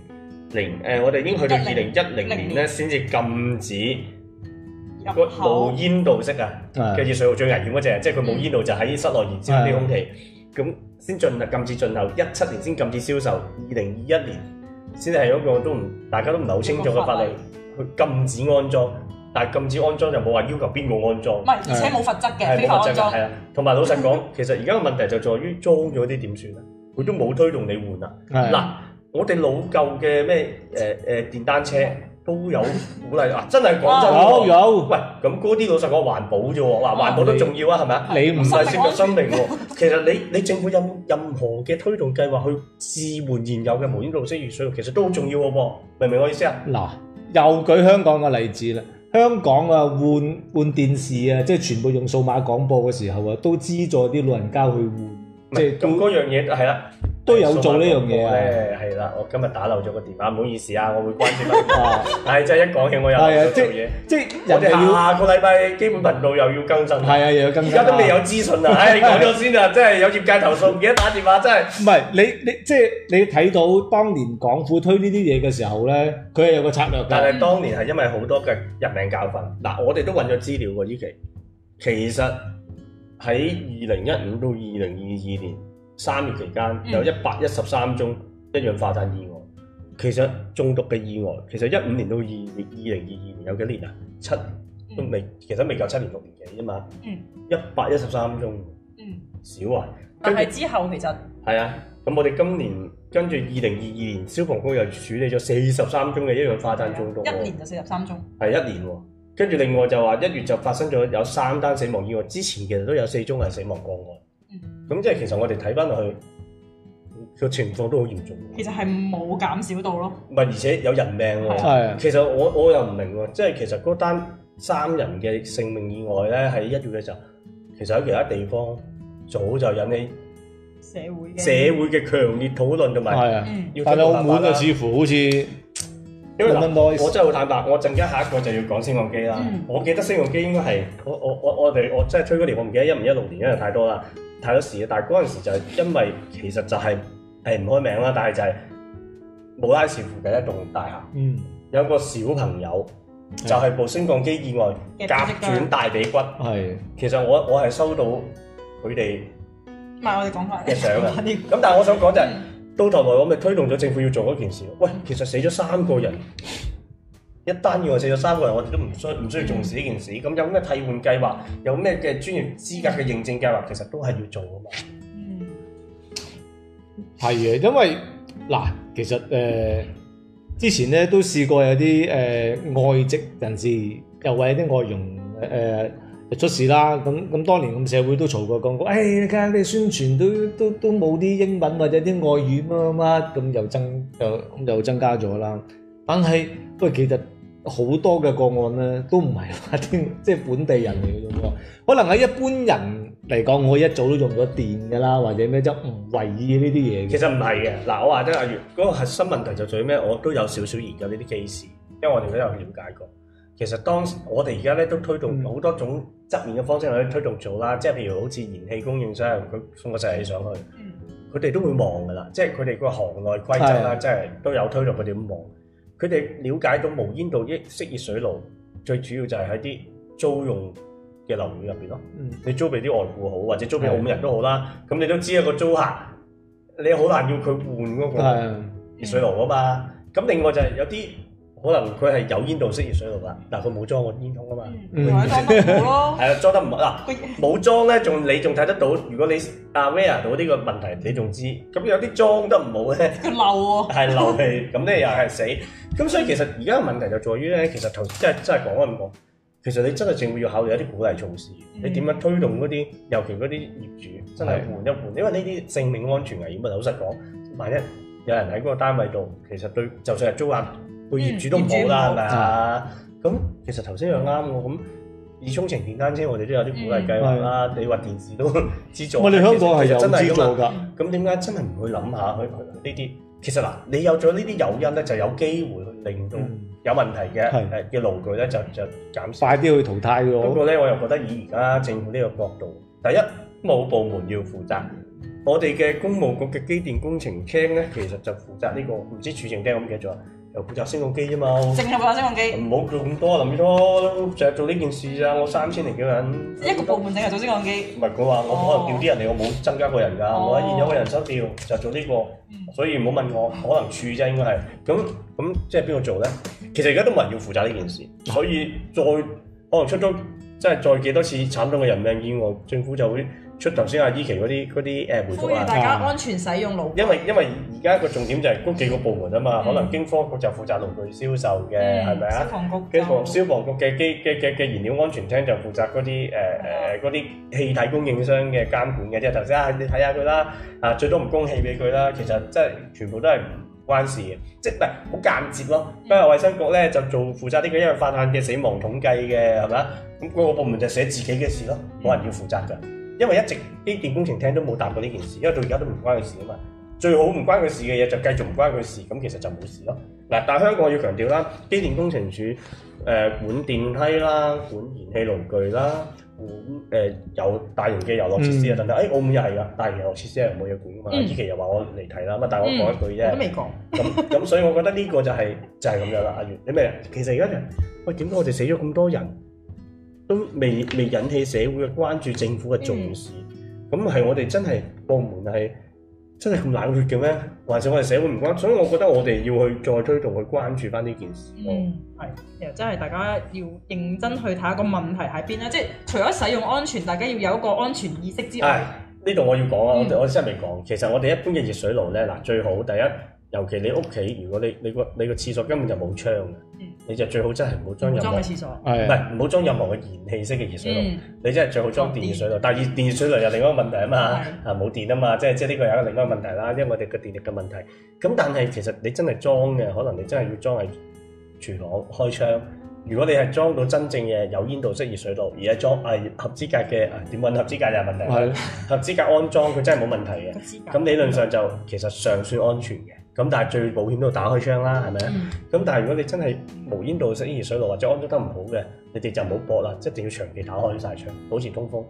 零誒、呃，我哋已經去到二零一零年咧，先至禁止個冇口煙道式啊嘅熱水爐最危險嗰隻，就是，嗯、即係佢冇煙道就喺室內燃燒啲空氣，咁先進入禁止進口。一七年先禁止銷售，二零二一年先係嗰個都唔大家都唔係好清楚嘅法例去禁止安裝，但係禁止安裝就冇話要求邊個安裝，唔係而且冇罰則嘅，冇罰則嘅，係啊。同埋老實講， 其實而家嘅問題就在於裝咗啲點算啊？佢都冇推動你換啊，嗱是的。我哋老舊嘅咩誒誒電單車都有鼓勵啊！真係講真，有有喂咁嗰啲老實講環保啫喎，嗱環保都重要啊，係咪啊？你唔使涉及生命喎。其實你你政府有冇任何嘅推動計劃去置換現有嘅無煙綠色熱水爐，其實都好重要嘅噃。明唔明我意思啊？嗱，又舉香港嘅例子啦。香港啊，換換電視啊，即係全部用數碼廣播嘅時候啊，都資助啲老人家去換，即係咁嗰樣嘢係啦。都有做說說呢樣嘢咧，係啦了，我今日打漏咗個電話，唔好意思啊，我會關注埋。哦，係，真係一講起我又有做嘢，即係我哋下個禮拜基本頻道又要更新，係啊，又要更新，而家都未有資訊啊！唉，講咗、哎、先啊，即係 有業界投訴，唔記得打電話，真係。唔係你你即係你睇到當年港府推呢啲嘢嘅時候咧，佢係有個策略。但係當年係因為好多嘅人命教訓。嗱，我哋都揾咗資料喎，依期其，其實喺二零一五到二零二二年。三月期間有一百一十三宗一氧化碳意外，其實中毒嘅意外，其實一五年到二月二零二二年有幾年啊？七年、嗯、都未，其實未夠七年六年幾啫嘛。嗯，一百一十三宗，嗯，少啊。但係之後其實係啊，咁我哋今年跟住二零二二年消防局又處理咗四十三宗嘅一氧化碳中毒、嗯啊，一年就四十三宗，係一年喎、啊。跟住另外就話一月就發生咗有三單死亡意外，之前其實都有四宗係死亡個案。咁即係其實我哋睇翻落去個情況都好嚴重，其實係冇減少到咯。唔係，而且有人命喎。係。其實我我又唔明喎，即係其實嗰單三人嘅性命以外咧，喺一月嘅時候，其實喺其他地方早就引起社會嘅社會嘅強烈討論同埋。係啊。但係澳門啊，似乎好似因為嗱，我真係好坦白，我陣間下一個就要講升降機啦。嗯。我記得升降機應該係我我我我哋我真係推嗰年，我唔記得一五一六年，因為太多啦。太多事嘅，但係嗰陣時就係因為其實就係係唔開名啦，但係就係冇拉市附近一棟大廈，嗯、有個小朋友的就係部升降機意外夾斷大髀骨。係的，其實我我係收到佢哋唔係我哋講法嘅相啊。咁 但係我想講就係、是、到頭來我咪推動咗政府要做嗰件事。喂，其實死咗三個人。 一單意外死咗三個人，我哋都唔需唔需要重視呢件事？咁有咩替換計劃，有咩嘅專業資格嘅認證計劃，其實都係要做噶嘛。嗯，係啊，因為嗱，其實誒、呃、之前咧都試過有啲誒、呃、外籍人士又為啲外傭誒、呃、出事啦。咁咁多年咁社會都嘈過咁講，誒、哎、你哋啲宣傳都都都冇啲英文或者啲外語乜乜咁又增又咁又增加咗啦。但係不過其實。好多嘅個案咧，都唔係話天，即係本地人嚟嘅種，可能喺一般人嚟講，我一早都用咗電㗎啦，或者咩就唔為意呢啲嘢。其實唔係嘅，嗱我話啫，阿月嗰個核心問題就係咩？我都有少少研究呢啲機器，因為我哋都有了解過。其實當時我哋而家咧都推動好多種側面嘅方式去推動做啦，即係譬如好似燃氣供應商佢送個掣上去，佢哋都會望㗎啦。即係佢哋個行內規則啦，的即係都有推動佢哋咁望。佢哋了解到無煙道式熱水爐，最主要就係喺啲租用嘅樓宇入邊咯。嗯、你租俾啲外僱好，或者租俾澳門人都好啦。咁、嗯、你都知一個租客，你好難要佢換嗰個熱水爐啊嘛。咁另外就係有啲。可能佢係有煙道式熱水爐啦，但佢冇裝個煙筒啊嘛，唔、嗯、 裝都好咯，啊裝得唔好冇裝咧，仲你仲睇得到，如果你 aware 到呢個問題，你仲知，咁有啲裝得唔好咧，佢漏喎，係漏氣，咁咧又係死，咁 所以其實而家嘅問題就在於咧，其實頭即係即係講緊咁講，其實你真係政府要考慮一啲鼓勵措施，你點樣推動嗰啲，尤其嗰啲業主真係換一換，的因為呢啲性命安全危險，老實講，萬一有人喺嗰個單位度，其實對，就算係租客。業主都唔好啦，係咪、嗯、啊？咁、啊、其實頭先又啱我咁，嗯、以衝程電單車，我哋都有啲鼓勵計劃啦。嗯嗯、你話電視都資助，我哋香港係有資助㗎。咁點解真係唔去諗下去？呢啲其實嗱、嗯，你有咗呢啲誘因咧，就有機會去令到有問題嘅誒嘅爐具咧，就就減少快啲去淘汰嘅。不過咧，我又覺得以而家政府呢個角度，嗯、第一冇部門要負責。我哋嘅公務局嘅機電工程廳咧，其實就負責呢、這個唔知處政廳，我唔記咗。又負責升降機啫嘛，淨係負責升降機。唔好叫咁多林宇滔，淨係做呢件事啊！我三千零幾人，一個部門淨係做升降機。唔係，佢話我可能調啲人嚟，我冇增加過人㗎。哦、我現有嘅人手調就係做呢、這個，所以唔好問我，可能處啫應該係。咁咁即係邊個做咧？其實而家都冇人要負責呢件事，所以再可能出咗即係再幾多次慘痛嘅人命意外，政府就會。出頭先阿依期嗰啲嗰啲，誒回覆大家安全使用爐具。因為因為而家個重點就係嗰幾個部門啊嘛，嗯、可能經科局就負責爐具銷售嘅，係咪啊？吧消防局消防局嘅機嘅嘅嘅燃料安全廳就負責嗰啲誒誒啲氣體供應商嘅監管嘅，即係頭先啊，你睇下佢啦，啊最多唔供氣俾佢啦，其實真係全部都係唔關事嘅，即係好間接咯。不過衛生局咧就做負責呢個因為發行嘅死亡統計嘅，係咪啊？咁、那、嗰個部門就寫自己嘅事咯，冇人要負責㗎。因為一直機電工程廳都冇答過呢件事，因為到而家都唔關佢事啊嘛。最好唔關佢事嘅嘢就繼續唔關佢事，咁其實就冇事咯。嗱，但係香港我要強調啦，機電工程署誒、呃、管電梯啦，管燃氣爐具啦，管誒有、呃、大型嘅遊樂設施啊等等。誒、嗯，澳門又係噶大型遊樂設施、嗯、又冇嘢管啊嘛。依琪又話我離題啦，咪大我講一句啫。都未講。咁咁那， 所以我覺得呢個就係、是、就係、是、咁樣啦，阿袁。你咩？其實而家喂點解我哋死咗咁多人？都未未引起社會嘅關注，政府嘅重視，咁係、嗯、我哋真係部門係真係咁冷血嘅咩？還是我哋社會唔關，所以我覺得我哋要去再推動去關注翻呢件事。嗯，係又真係大家要認真去睇下個問題喺邊咧，即係除咗使用安全，大家要有一個安全意識之外。呢度、哎、我要講啊，我哋、嗯、我真係未講，其實我哋一般嘅熱水爐咧，嗱，最好第一，尤其你屋企，如果你你個你個廁所根本就冇窗嘅。你就最好真係唔好裝任何，唔係唔好裝任何嘅燃氣式嘅熱水爐。嗯、你真係最好裝電熱水爐。嗯、但係電熱水爐有另一個問題啊嘛，的啊冇電啊嘛，即係即係呢個有一另一個問題啦。因為我哋嘅電力嘅問題。咁但係其實你真係裝嘅，可能你真係要裝喺廚房開窗。的如果你係裝到真正嘅有煙道式熱水爐，而係裝啊合資格嘅，點搵合資格又係問題。的 合資格安裝佢真係冇問題嘅。咁理資論上就其實尚算安全嘅。咁但係最保險都打開窗啦，係咪啊？咁 但係如果你真係無煙道式熱水爐或者安裝得唔好嘅，你哋就唔好搏啦，一定要長期打開晒窗保持通風。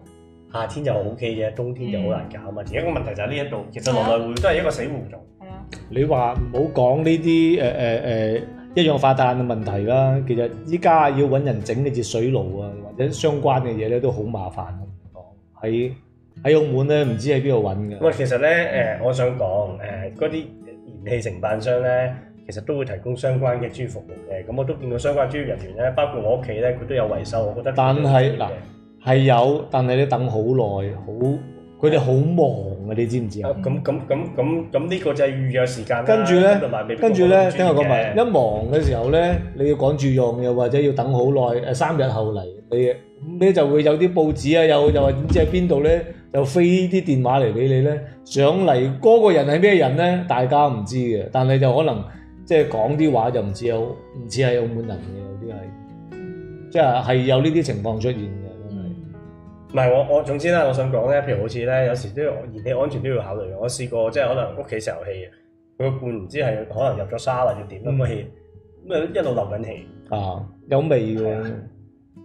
夏天就 O K 嘅，冬天就好難搞啊嘛。而家個問題就係呢一度，其實羅萊會都係一個死胡同。嗯、你話唔好講呢啲誒誒誒一氧化碳嘅問題啦，其實依家要揾人整呢隻水爐啊，或者相關嘅嘢咧都好麻煩。喺喺澳門咧，唔知喺邊度揾嘅。喂、嗯，其實咧誒、呃，我想講誒嗰啲。呃器承辦商咧，其實都會提供相關嘅專業服務嘅。咁我都見到相關專業人員咧，包括我屋企咧，佢都有維修。我覺得。但係嗱，係、呃、有，但係你等好耐，好，佢哋好忙啊！你知唔知、嗯、啊？咁咁咁咁咁呢個就係預約時間、啊、跟住咧，未跟住咧，聽我講埋。一忙嘅時候咧，你要趕住用又或者要等好耐，誒三日後嚟你，咁就會有啲報紙啊，又又點知喺邊度咧？又飛啲電話嚟俾你咧，上嚟嗰個人係咩人咧？大家唔知嘅，但係就可能即係講啲話就唔似有唔似係澳門人嘅，就是就是、有啲係即係係有呢啲情況出現嘅。唔、就、係、是嗯、我我總之啦，我想講咧，譬如好似咧，有時啲燃氣安全都要考慮。我試過即係可能屋企石油氣，佢個罐唔知係可能入咗沙或要點咁氣，咁啊、嗯、一路流緊氣啊，有味嘅。的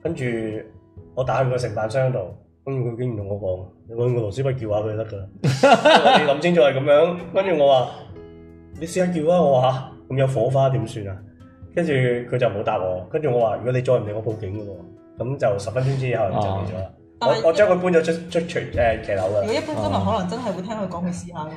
跟住我打去個承辦商度。咁佢竟然同我講，我個師不 我螺絲批叫下佢就得噶啦，你諗清楚係咁樣。跟住我話，你試下叫啊，我話，咁有火花點算啊？跟住佢就冇答我。跟住我話，如果你再唔理我，報警噶喎。咁就十分鐘之後就嚟咗啦。我我將佢搬咗出出出誒騎、呃、樓噶。如果是、啊、一般新聞可能真係會聽佢講，佢試下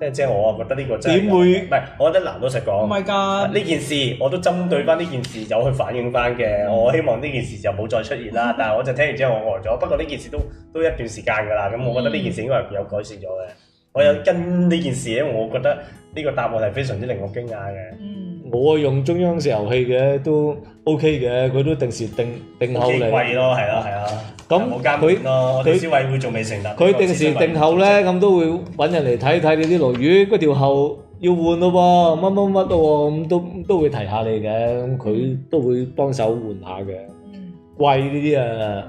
即即我啊覺得呢個真點會唔係？我覺得難到實講。Oh my god！呢、啊、件事我都針對翻呢件事有去反映翻嘅。Mm. 我希望呢件事就冇再出現啦。Mm. 但係我就聽完之後我呆咗。不過呢件事都都一段時間㗎啦。咁我覺得呢件事應該係有改善咗嘅。Mm. 我有跟呢件事嘅，我覺得呢個答案係非常之令我驚訝嘅。嗯，我用中央石油氣嘅都 OK 嘅，佢都定時定定後嚟。幾貴咯，係咯，係啊。咁佢佢消委會仲未成立，佢定時定後咧，咁都會揾人嚟睇睇你啲鱸魚嗰條喉要換咯喎，乜乜乜咯喎，咁都都會提下你嘅，咁佢都會幫手換下嘅。貴呢啲啊，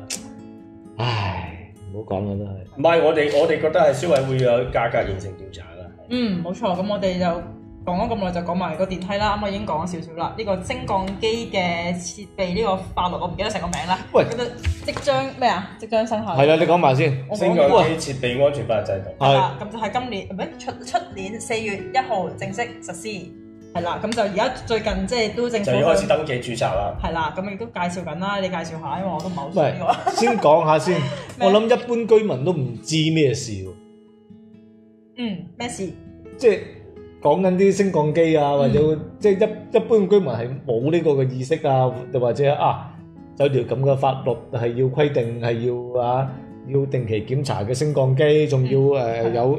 唉，唔好講啦真係。唔係我哋我哋覺得係消委會有價格形成調查啦。嗯，冇錯，咁我哋就。講咗咁耐就講埋個電梯啦，啱啱已經講咗少少啦。呢個升降機嘅設備呢個法律我唔記得成個名啦。喂，佢就即將咩啊？即將生效。係啦，你講埋先。升降機設備安全法律制度。係的。咁的就係今年唔係出出年四月一號正式實施。係啦，咁就而家最近即係都政府就要開始登記注冊啦。係啦，咁亦都介紹緊啦，你介紹下，因為我都唔係好熟呢個。先講下先， 麼我諗一般居民都唔知咩事。嗯，咩事？即係。講緊啲升降機啊，或者即係一一般居民係冇呢個嘅意識啊，又或者啊有條咁嘅法律係要規定係要啊要定期檢查嘅升降機，仲要誒有、呃、要要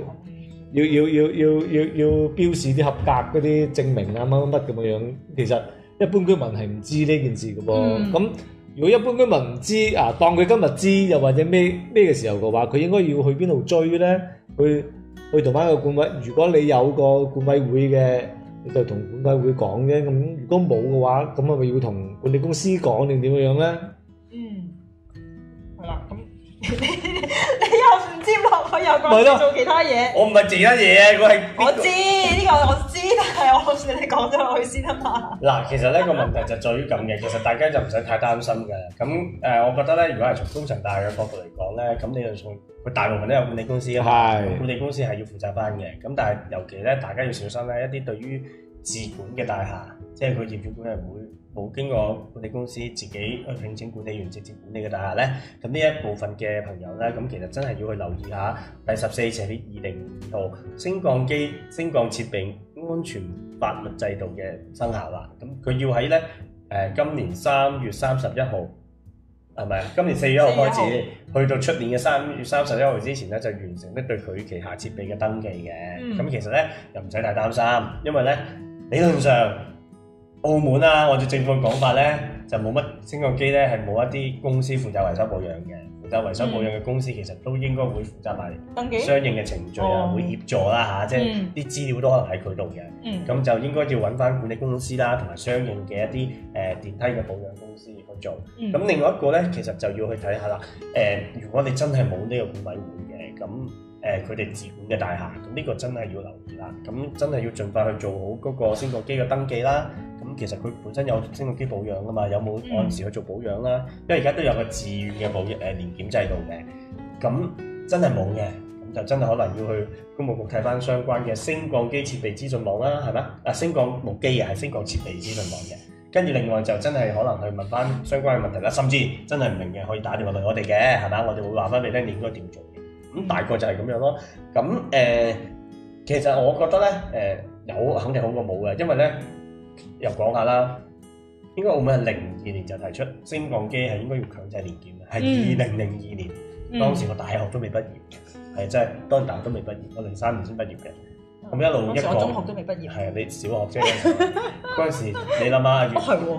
要要要、要、要標示啲合格嗰啲證明啊乜乜乜咁嘅樣。其實一般居民係唔知呢件事嘅噃、啊。咁、嗯、如果一般居民唔知啊，當佢今日知又或者咩咩嘅時候嘅話，佢應該要去邊度追咧？佢去同翻個管委，如果你有個管委會嘅，你就同管委會講啫。咁如果冇嘅話，咁係咪要同管理公司講定點樣咧？嗯，係啦，咁 你又唔知？佢有工去做其他嘢，我唔係自己其他嘢，佢係我知呢、呢個我知，但係我好先你講咗落去先啊嘛。嗱，其實呢個問題就在於咁嘅，其實大家就唔使太擔心嘅。咁誒、呃，我覺得咧，如果係從高層大嘅角度嚟講咧，咁你就從佢大部分都有管理公司啊嘛，是管理公司係要負責翻嘅。咁但係尤其咧，大家要小心咧，一啲對於自管嘅大廈，即係佢業主管理會。冇經過管理公司自己去聘請管理員直接管理嘅大廈呢。咁呢一部分嘅朋友呢，咁其實真係要去留意下第十四次喺二零二號升降機升降設備安全法律制度嘅生效啦。咁佢要喺呢誒今年三月三十一號係咪？今年四月一號開始，去到出年嘅三月三十一號之前呢，就完成呢對佢旗下設備嘅登記嘅。咁、嗯、其實呢，又唔使太擔心，因為呢理論上。澳門啊，按照政府嘅講法咧，就冇乜升降機咧，係冇一啲公司負責維修保養嘅。負責維修保養嘅公司其實都應該會負責埋相應嘅程序啊，登記，會協助啦吓、啊，即係啲、嗯、資料都可能喺佢度嘅。咁、嗯、就應該要揾翻管理公司啦，同埋相應嘅一啲誒、呃、電梯嘅保養公司去做。咁、嗯、另外一個咧，其實就要去睇下啦。誒、呃，如果你真係冇呢個管委會嘅，咁誒佢哋自管嘅大廈，咁呢個真係要留意啦。咁真係要盡快去做好嗰個升降機嘅登記啦。其實佢本身有升降機保養噶嘛，有冇按時去做保養啦？因為而家都有個自願嘅保誒年檢制度嘅。咁真係冇嘅，咁就真係可能要去公務局睇翻相關嘅升降機設備資訊網啦，係咪？啊，升降機啊係升降設備資訊網嘅。跟住另外就真係可能去問翻相關嘅問題啦。甚至真係唔明嘅，可以打電話嚟我哋嘅，係咪？我哋會話翻俾你聽，你應該點做嘅。咁大概就係咁樣咯。咁誒、呃，其實我覺得咧誒，有、呃、肯定好過冇嘅，因為咧。又講下啦，應該澳門係零二年就提出升降機係應該要強制年檢嘅，係二零零二年，當時我大學都未畢業，係真係當大都未畢業，我零三年先畢業嘅，咁一路一講，中學都未畢業，係啊你小學啫，嗰陣時你諗下，唔係喎，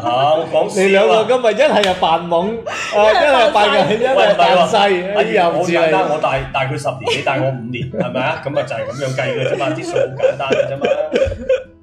啊我講你兩個今日一係又扮懵，一係扮人，一係扮細，又唔知，好簡單，我大大佢十年，你大我五年，係咪啊？咁啊就係咁樣計嘅啫嘛，啲數好簡單嘅啫嘛。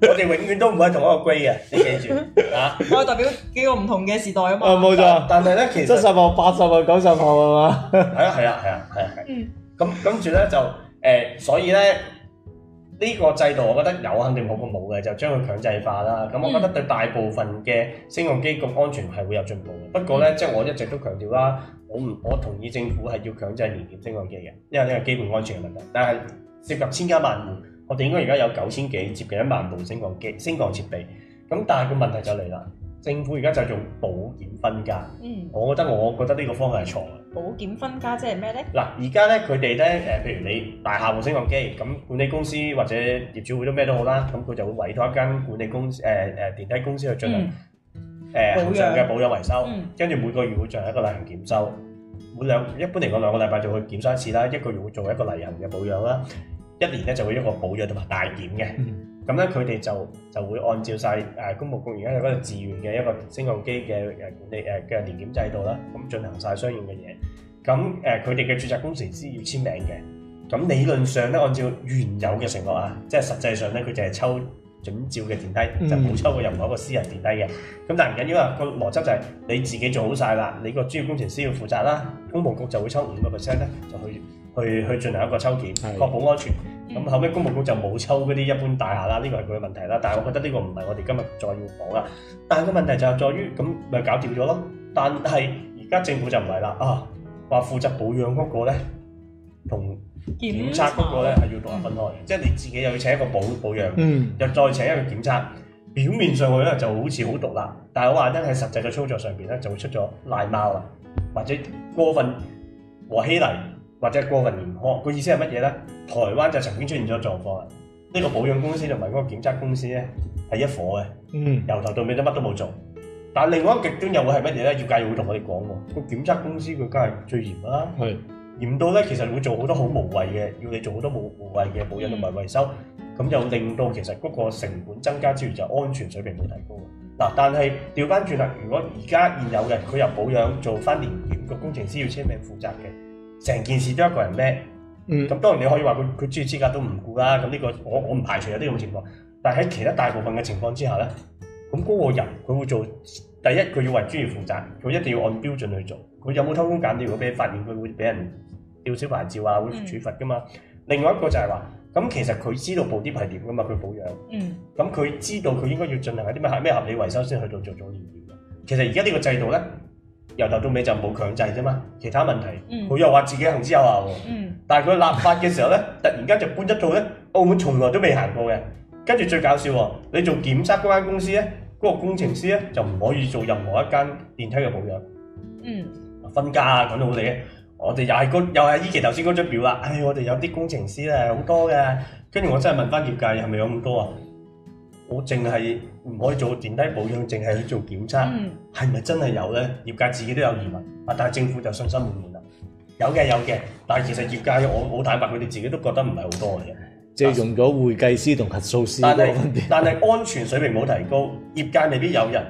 我哋永遠都唔喺同一個龜嘅，你記住啊！ 我係代表幾個唔同嘅時代啊嘛，冇錯。但係咧，其實，七十號、八十號、九十號係嘛？係啊，係啊，係啊，係啊。嗯。咁跟住咧就誒、呃，所以咧呢、這個制度，我覺得有肯定好過冇嘅，就將佢強制化啦。咁、嗯嗯、我覺得對大部分嘅升降機局安全係會有進步嘅。不過咧，即係、嗯、我一直都強調啦，我唔我同意政府係要強制年檢升降機嘅，因為呢個基本安全嘅問題。但係涉及千家萬戶。我哋應該而家有九千幾，接近一萬部升降機，升降設備。咁但係個問題就嚟啦，政府而家就做保檢分家。嗯，我，我覺得我覺得呢個方向係錯嘅。保檢分家即係咩咧？嗱，而家咧佢哋咧誒，譬如你大廈部升降機，咁管理公司或者業主會都咩都好啦，咁佢就會委託一間管理公司誒誒、呃、電梯公司去進行誒恆常嘅保養維修。跟住、嗯、每個月會進行一個例行檢修，每兩一般嚟講兩個禮拜就會檢修一次啦。一個月會做一個例行嘅保養啦。一年咧就會一個保養同埋大檢嘅，咁咧佢哋就就會按照曬誒公務局而家有個自願嘅一個升降機嘅誒嘅誒嘅年檢制度啦，咁進行曬相應嘅嘢。咁誒佢哋嘅註冊工程師要簽名嘅。咁理論上咧按照原有嘅承諾啊，即係實際上咧佢就係抽準照嘅電梯，就冇抽過任何一個私人電梯嘅。咁但係唔緊要啊，個邏輯就係你自己做好曬啦，你個專業工程師要負責啦，公務局就會抽五個 percent 咧就去。去去進行一個抽檢，確保安全。咁是後尾公務局就冇抽嗰啲一般大廈啦，呢個係佢嘅問題啦。但係我覺得呢個唔係我哋今日再要講啦。但係個問題就係在於，咁咪搞掂咗咯。但係而家政府就唔係啦，啊話負責保養嗰個咧同檢測嗰個咧係查要獨立分開，嗯、即係你自己又要請一個保保養，嗯、又再請一個檢測。表面上去咧就好似好獨立，但係我話咧喺實際嘅操作上邊咧就會出咗賴貓啊，或者過分和稀泥。或者過分嚴苛，個意思係乜嘢咧？台灣就曾經出現咗狀況啊！呢個保養公司同埋嗰個檢測公司咧係一夥嘅，由頭到尾都乜都冇做。但係另外一個極端又會係乜嘢咧？業界會同我哋講喎，個檢測公司佢梗係最嚴啦，嚴到咧其實會做好多好無謂嘅，要你做好多冇無謂嘅保養同埋維修，咁就令到其實嗰個成本增加之餘，就安全水平冇提高。嗱，但係調翻轉啦，如果而家現有嘅佢又保養做翻年檢，個工程師要簽名負責嘅。成件事都一個人孭，咁、嗯、當然你可以話佢佢專業資格都唔顧啦、啊。咁呢個我我唔排除有啲咁嘅情況，但喺其他大部分嘅情況之下咧，咁嗰個人佢會做第一，佢要為專業負責，佢一定要按標準去做。佢有冇偷工減料？如果俾你發現，佢、嗯、會俾人吊銷牌照啊，會處罰噶嘛。另外一個就係話，咁其實佢知道部啲係點噶嘛，佢保養，咁佢、嗯、知道佢應該要進行一啲咩，咩合理維修先去到做咗驗證。其實而家呢個制度咧。由頭到尾就冇強制啫嘛，其他問題，佢、嗯、又話自己行之有效喎。嗯、但係佢立法嘅時候咧，突然間就搬一套咧，澳門從來都未行過嘅。跟住最搞笑喎，你做檢測嗰間公司咧，嗰、那個工程師咧就唔可以做任何一間電梯嘅保養。嗯，分家啊，講到我哋，我哋又係嗰又係依期頭先嗰張表啦。唉，我哋有啲工程師咧好多嘅，跟住我真係問返業界，係咪有咁多啊？我淨係唔可以做電梯保養，淨係去做檢測，係咪真係有咧？業界自己都有疑問，啊！但係政府就信心滿滿啦。有嘅有嘅，但係其實業界我好坦白，佢哋自己都覺得唔係好多嘅。即係用咗會計師同核數師嗰個分別，但係安全水平冇提高，業界未必有人。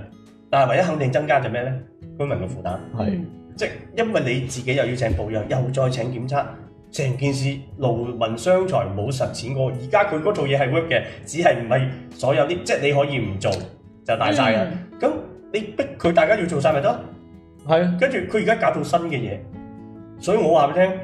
但係唯一肯定增加就咩咧？居民嘅負擔係，是即係因為你自己又要請保養，又再請檢測。成件事勞民傷財冇實踐過，而家佢嗰套嘢係 work 嘅，只係唔係所有啲，嗯、即係你可以唔做就大晒啦。咁、嗯、你逼佢大家要做晒咪得？係、啊。跟住佢而家搞到新嘅嘢，所以我話俾你聽，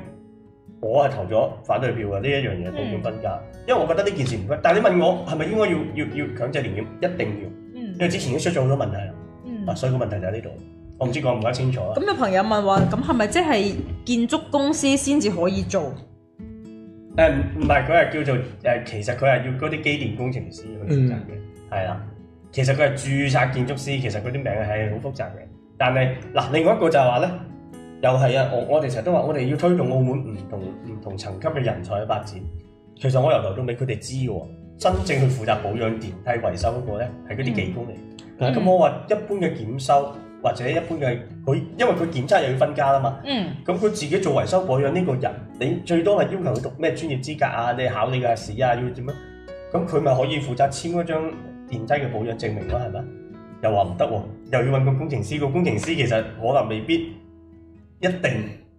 我係投咗反對票嘅呢一樣嘢保險分家，嗯、因為我覺得呢件事唔 work。但係你問我係咪應該要要要強制年檢？一定要。嗯。因為之前已經出咗好多問題啦。嗯。嗱，所以個問題就喺呢度。我唔知講唔講得清楚啦。咁有朋友問話，咁係咪即係建築公司先至可以做？誒、呃，唔係，佢係叫做誒、呃，其實佢係要嗰啲機電工程師去負責嘅，係啦、嗯。其實佢係註冊建築師，其實嗰啲名係好複雜嘅。但係嗱，另外一個就係話咧，又係啊，我我哋成日都話，我哋要推動澳門唔同唔同層級嘅人才嘅發展。其實我由頭到尾佢哋知嘅，真正去負責保養電梯維修嗰個咧，係嗰啲技工嚟。咁、嗯嗯、我話一般嘅檢修。或者一般嘅佢，因為佢檢測又要分家啦嘛，咁佢、嗯、自己做維修保養呢個人，你最多係要求佢讀咩專業資格啊？你考你個試啊？要點樣？咁佢咪可以負責簽嗰張電梯嘅保養證明咯？係咪？又話唔得喎，又要揾個工程師。個工程師其實可能未必一定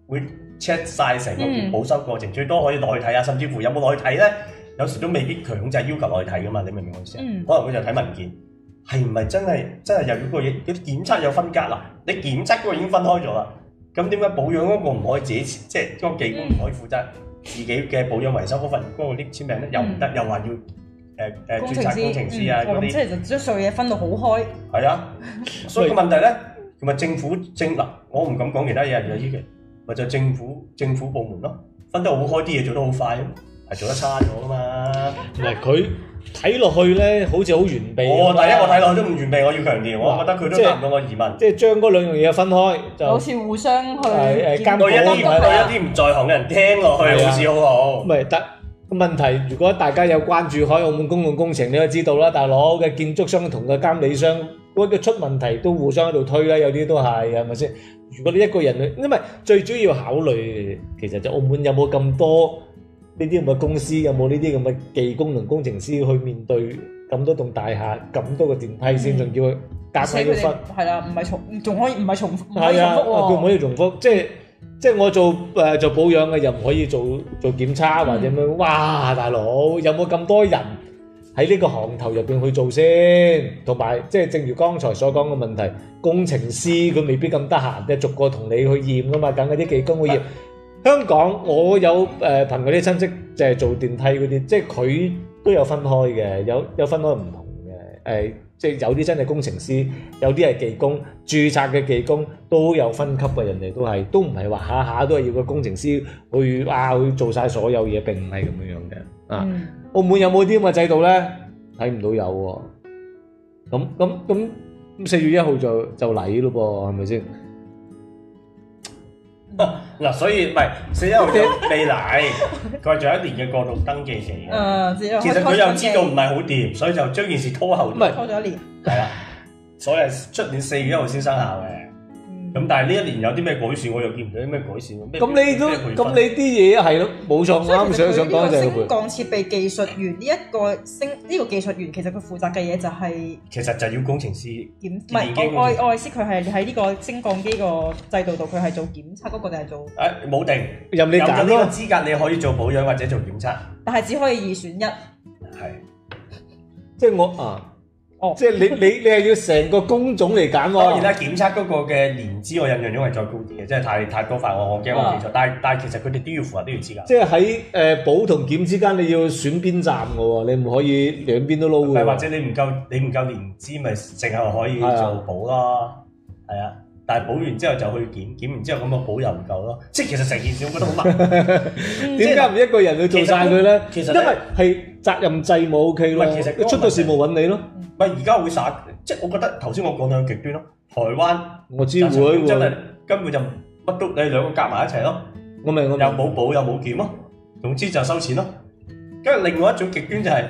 會 check 晒成個保修過程，嗯、最多可以落去睇下、啊，甚至乎有冇落去睇咧？有時都未必強制要求落去睇噶嘛，你明唔明我意思？嗯、可能佢就睇文件，係唔係真係真係又要個嘢？嗰啲檢測有分隔啦，你檢測嗰個已經分開咗啦。咁點解保養嗰個唔可以自己，即係嗰個技工唔可以負責自己嘅保養維修嗰份嗰個啲簽名咧、嗯、又唔得，又話要誒誒、呃、工程師註冊工程師啊嗰啲，即係將所有嘢分到好開。係啊，所以個以問題咧，同埋政府政嗱，我唔敢講其他嘢，有依嘅，咪就是、政府政府部門咯，分得好開啲嘢做得好快，係做，做得差咗噶嘛。同埋佢。睇落去咧，好似好完備。第一我睇落去都唔完備，我要強調，哇我覺得佢都答唔到我疑問。即係將嗰兩樣嘢分開，就好似互相去、呃、監管。我控一定要對一啲唔在行嘅人聽落去，嗯、好似好好。唔係、嗯，但問題如果大家有關注開澳門公共工程，你都知道啦，大佬嘅建築商同嘅監理商嗰個出問題都互相喺度推啦，有啲都係，係咪先？如果你一個人，因為最主要考慮其實就澳門有冇咁多。呢啲咁嘅公司有冇呢啲咁嘅技工同工程師去面對咁多棟大廈、咁多個電梯先，仲要佢架喺個身？係啦，唔係重，仲可以唔係重，唔可以重複喎。佢唔可以重複，即係即係我做誒做保養嘅，又唔可以做做檢測或者咩？哇，大佬有冇咁多人喺呢個行頭入邊去做先？同埋即係正如剛才所講嘅問題，工程師佢未必咁得閒，即係逐個同你去驗噶嘛，等嗰啲技工去驗。香港，我有誒，同佢啲親戚就係做電梯嗰啲，即係佢都有分開嘅，有有分開唔同嘅，誒，即係有啲真係工程師，有啲係技工，註冊嘅技工都有分級嘅，人哋都係，都唔係話下下都係要個工程師去啊去做晒所有嘢，並唔係咁樣樣嘅啊！嗯、澳門有冇啲咁嘅制度咧？睇唔到有喎、哦，咁咁咁咁四月一號就就嚟咯噃，係咪先？嗱、哦，所以唔係四月一號未嚟，佢係做一年嘅過渡登記期嘅。 其實佢又知道唔係好掂，所以就將件事拖後。唔係拖咗一年？係啦，所以出年四月一號先生效嘅。咁但係呢一年有啲咩改善，我又見唔到啲咩改善。咁你都咁你啲嘢係咯，冇錯啱。所以佢呢個升降設備技術員呢一個升呢個技術員，其實佢負責嘅嘢就係其實就係要工程師檢，唔係我我意思佢係喺呢個升降機個制度度，佢係做檢測嗰個定係做？誒冇定，任你揀咯。有咗呢個資格，你可以做保養或者做檢測，但係只可以二選一。係，即係我啊。哦，即係你你你要成個工種嚟揀喎，而家檢測嗰個嘅年資我印象中係再高啲嘅，即係太太多份我我驚我記錯，嗯、但係但係其實佢哋都要符合都要知噶。即係喺保同檢之間你要選邊站嘅喎，你唔可以兩邊都撈嘅。係或者你唔夠你唔夠年資咪，剩係可以做保咯，係啊的。但係保完之後就去檢，檢，檢完之後咁個保又唔夠咯。即係其實成件事我覺得好麻煩，點解唔一個人去做曬佢咧？其實因為係責任制冇 OK 咯，其實出到事冇揾你咯。唔而家會耍，即係我覺得頭先我講兩個極端咯。台灣我知會真係根本就乜都你兩個夾埋一齊咯。我明我有，有保保有冇檢咯，總之就收錢咯。跟住另外一種極端就係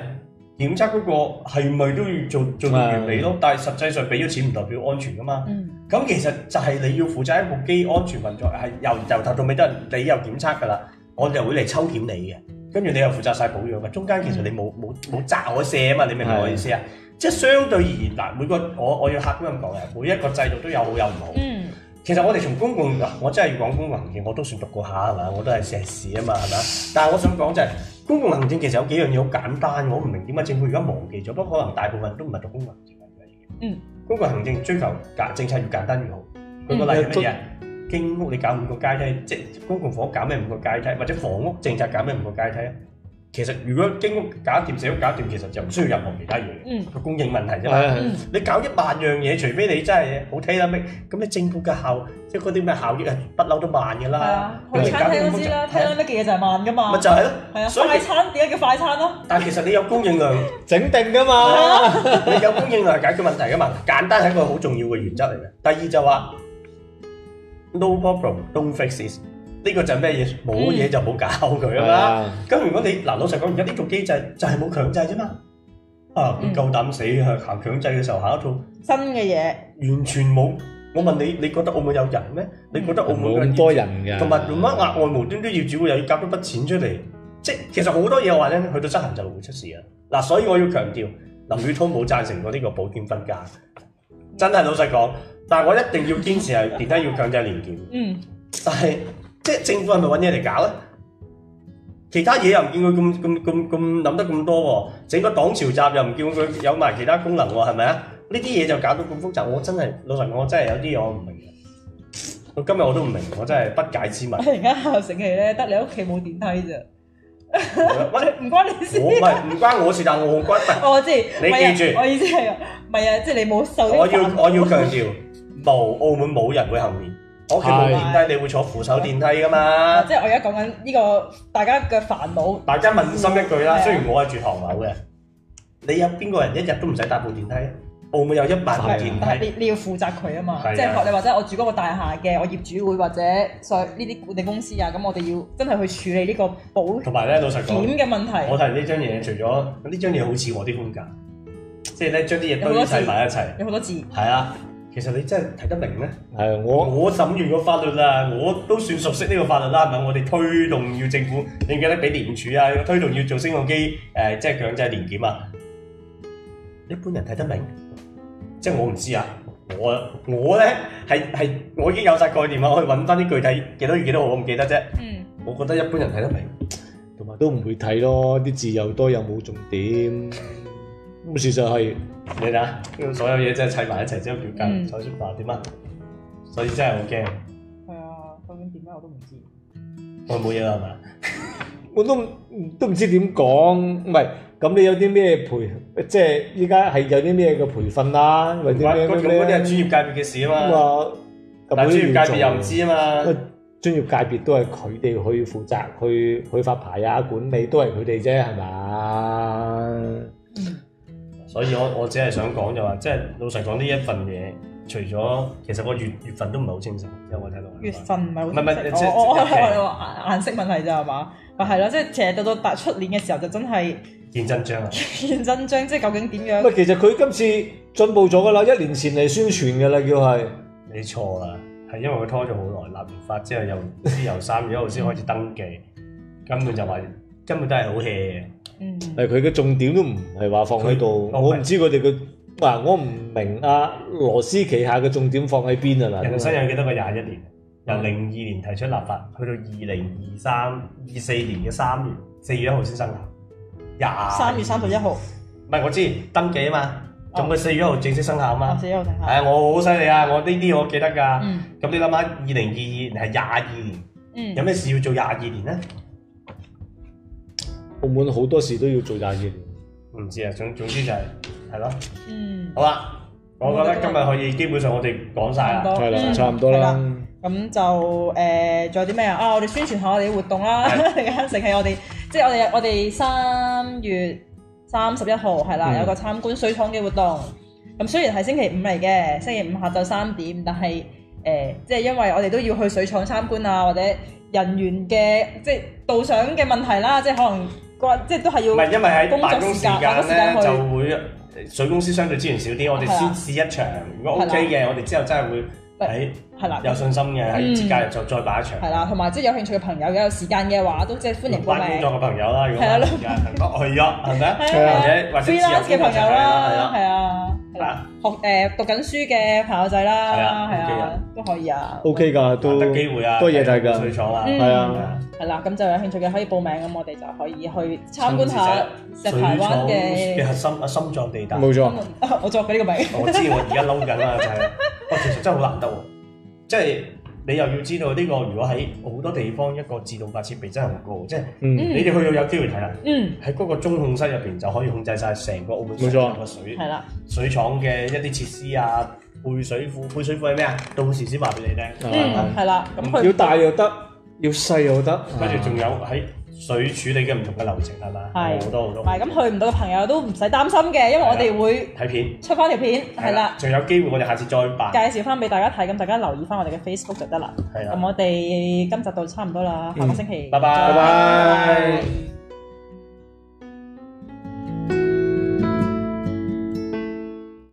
檢測嗰個係咪都要做做完你咯？的但係實際上俾咗錢唔代表安全噶嘛。嗯咁其實就係你要負責一部機安全運作，係由由頭到尾都係你有檢測噶啦，我哋又會嚟抽檢你嘅，跟住你又負責晒保養嘅，中間其實你冇冇冇炸我射啊嘛，你明唔明我意思啊？是的 即係相對而言，每個我我要客觀咁講嘅，每一個制度都有好有唔好。嗯，其實我哋從公共嗱，嗯、我真係要講公共行政，我都算讀過下係嘛，我都係碩士啊嘛係咪？但係我想講就係、是、公共行政其實有幾樣嘢好簡單，我唔明點解政府而家忘記咗，不過可能大部分都唔係讀公共行政嗯。公共行政追求簡政策越簡單越好。舉個例子，經屋你搞五個階梯，即公共房屋搞咩五個階梯，或者房屋政策搞咩五個階梯啊？其實如果經屋搞掂，社屋搞掂，其實就唔需要任何其他嘢，個供應問題啫嘛。你搞一萬樣嘢，除非你真係好睇啦，咩咁你政府嘅效？即係嗰啲咩效益係不嬲都慢嘅啦，去餐廳都知啦，睇下乜嘢就係慢嘅嘛。咪就係咯，所以快餐點解叫快餐咯？但係其實你有供應量整定嘅嘛，你有供應量解決問題嘅嘛，簡單係一個好重要嘅原則嚟嘅。第二就話 No problem，don't fix it，呢個就係咩嘢？冇嘢就冇搞佢啊嘛。咁如果你嗱老實講，而家呢套機制就係冇強制啫嘛。啊，夠膽死啊！行強制嘅時候行一套新嘅嘢，完全冇。我問你，你覺得澳門有人咩？嗯、你覺得澳門咁多人嘅同埋做乜額外無端都要政府又要夾一筆錢出嚟？即其實好多嘢話咧，去到執行就會出事啊！嗱，所以我要強調，林宇滔冇贊成過呢個保險分家，真係老實講。但我一定要堅持係電梯要強制年檢。但係即政府係咪揾嘢嚟搞咧？其他嘢又唔見佢咁咁咁咁諗得咁多喎。整個擋潮閘又唔見佢有埋其他功能喎，係咪？呢啲嘢就搞到咁複雜，我真係老實講，我真係有啲嘢我唔明。今我今日我都唔明，我真係不解之謎。我而家又醒起咧，得你屋企冇電梯咋？唔我 關你事，啊，唔係唔關我事，但係我關。我，我知，你記住。啊、我意思係，唔係啊，即、就、係、是、你冇受我。我要我要強調，冇澳門冇人會後面。 我屋企冇電梯，Yes. 你會坐扶手電梯噶嘛？即係、就是、我而家講緊呢個大家嘅煩惱。大家問心一句啦，的雖然我係住唐樓嘅，你有邊個人一日都唔使搭部電梯？澳門有一萬個檢，但係你你要負責佢啊嘛，的即係學你或者我住嗰個大廈嘅，我業主會或者所呢啲顧定公司啊，咁我哋要真係去處理呢個保同埋咧，老實講，檢嘅問題。我睇呢張嘢，除咗呢、嗯、張嘢好似我啲風格，即係咧將啲嘢堆砌埋一齊，有好多字。係啊，其實你真係睇得明咩？係、嗯呃、我我審完個法律啊，我都算熟悉呢個法律啦，係咪？我哋推動要政府你記得俾廉署啊，推動要做升降機誒、呃，即係強制年檢啊。一般人睇得明？即係我唔知啊，我我咧係係，我已經有晒概念啦，我去揾翻啲具體幾多月幾多號，我唔記得啫。嗯，我覺得一般人睇得明，同埋、嗯、都唔會睇咯，啲字又多又冇重點。咁事實係，你睇下，所有嘢真係砌埋一齊之後變緊，所以點啊？嗯、所以真係好驚。係啊，究竟點咧我都唔知。我冇嘢喇，係咪？我都 我 我都唔知點講，唔係。咁你有啲咩培，即係依家係有啲咩嘅培訓啦、啊？或者咩咩咩？專業界別嘅事啊嘛，咁啊，專業界別又唔知啊嘛。專業界別都係佢哋去負責，去去發牌啊，管理都係佢哋啫，係嘛？ 所以我我只係想講就話，即、就、係、係、老實講呢一份嘢，除咗其實我月月份都唔係好清晰，有冇睇到？月份唔係好清晰，哦、顏色問題咋係嘛？啊係咯，即係其實到到大出年嘅時候就真係。見真章啊！見 真章，即係究竟點樣？唔係，其實佢今次進步咗噶啦，一年前嚟宣傳噶啦，叫係你錯啦，係因為佢拖咗好耐立法之後，又唔知由三月一號先開始登記，根本就話根本都係好 hea 嘅。嗯，係佢嘅重點都唔係話放喺度，哦。我唔知佢哋嘅，我唔明阿羅斯旗下嘅重點放喺邊啊嗱。人生有幾多個廿一年？嗯、由零二年提出立法，去到二零二三二四年嘅三月四月一號先生效。三 22 月三十一號，唔係我知登記啊嘛，咁佢四月一號正式生效啊嘛，四月一號生效，係啊，我好犀利啊，我呢啲我記得㗎，咁、嗯、你諗下二零二二年係廿二年，年嗯、有咩事要做廿二年咧？澳門好多事都要做廿二年，唔知啊，總總之就係、是、係咯，嗯，好啦，我覺得今日可以基本上我哋講晒啦，係啦，差唔多啦，咁、嗯、就誒，仲、呃、有啲咩啊？啊，我哋宣傳下我哋啲活動啦，嚟啱食係我哋。即係我哋我哋三月三十一號係啦，有個參觀水廠嘅活動。咁雖然係星期五嚟嘅，星期五下晝三點，但係誒、呃，即係因為我哋都要去水廠參觀啊，或者人員嘅即係導賞嘅問題啦，即係可能個，即係都係要。唔係因為喺辦公時間呢，時間就會水公司相對資源少啲，我哋先試一場。如果 OK 嘅的的，我哋之後真係會。喺，係啦，有信心嘅，喺節假日就再擺一場。係啦，同埋即係有興趣嘅朋友，如果有時間嘅話，都即係歡迎過嚟。關工作嘅朋友啦，如果係時間得去啊，係咪啊？或者或者自由嘅朋友啦，係啊。係啦，學誒讀緊書嘅朋友仔啦，係啊，都可以啊，OK 噶，都有機會啊，多嘢睇噶，水廠啊，係啊，係啦，咁就有興趣嘅可以報名，咁，我哋就可以去參觀下石排灣嘅嘅核心啊心臟地帶，冇錯，我作嘅呢個名，我知我而家嬲緊啦，就係，哇，其實真係好難得喎，即係。你又要知道呢、這個，如果喺好多地方一個自動化設備真係好高，即係、嗯、你哋去到有機會睇啦。喺嗰、嗯、個中控室入面，就可以控制曬成個澳門全部水。係啦，水廠嘅一啲設施啊，配水庫、配水庫係咩啊？到時先話俾你聽。係啦、啊吧，嗯、要大又得，要細又得，跟住仲有喺。水處理嘅唔同嘅流程係嘛？好的多好多，唔係咁去唔到嘅朋友都唔使擔心嘅，的因為我哋會睇片出翻條片係啦，仲的的有機會我哋下次再辦介紹翻俾大家睇，咁大家留意翻我哋嘅 Facebook 就得啦。係啦的，咁我哋今集到差唔多啦，嗯、下個星期拜拜。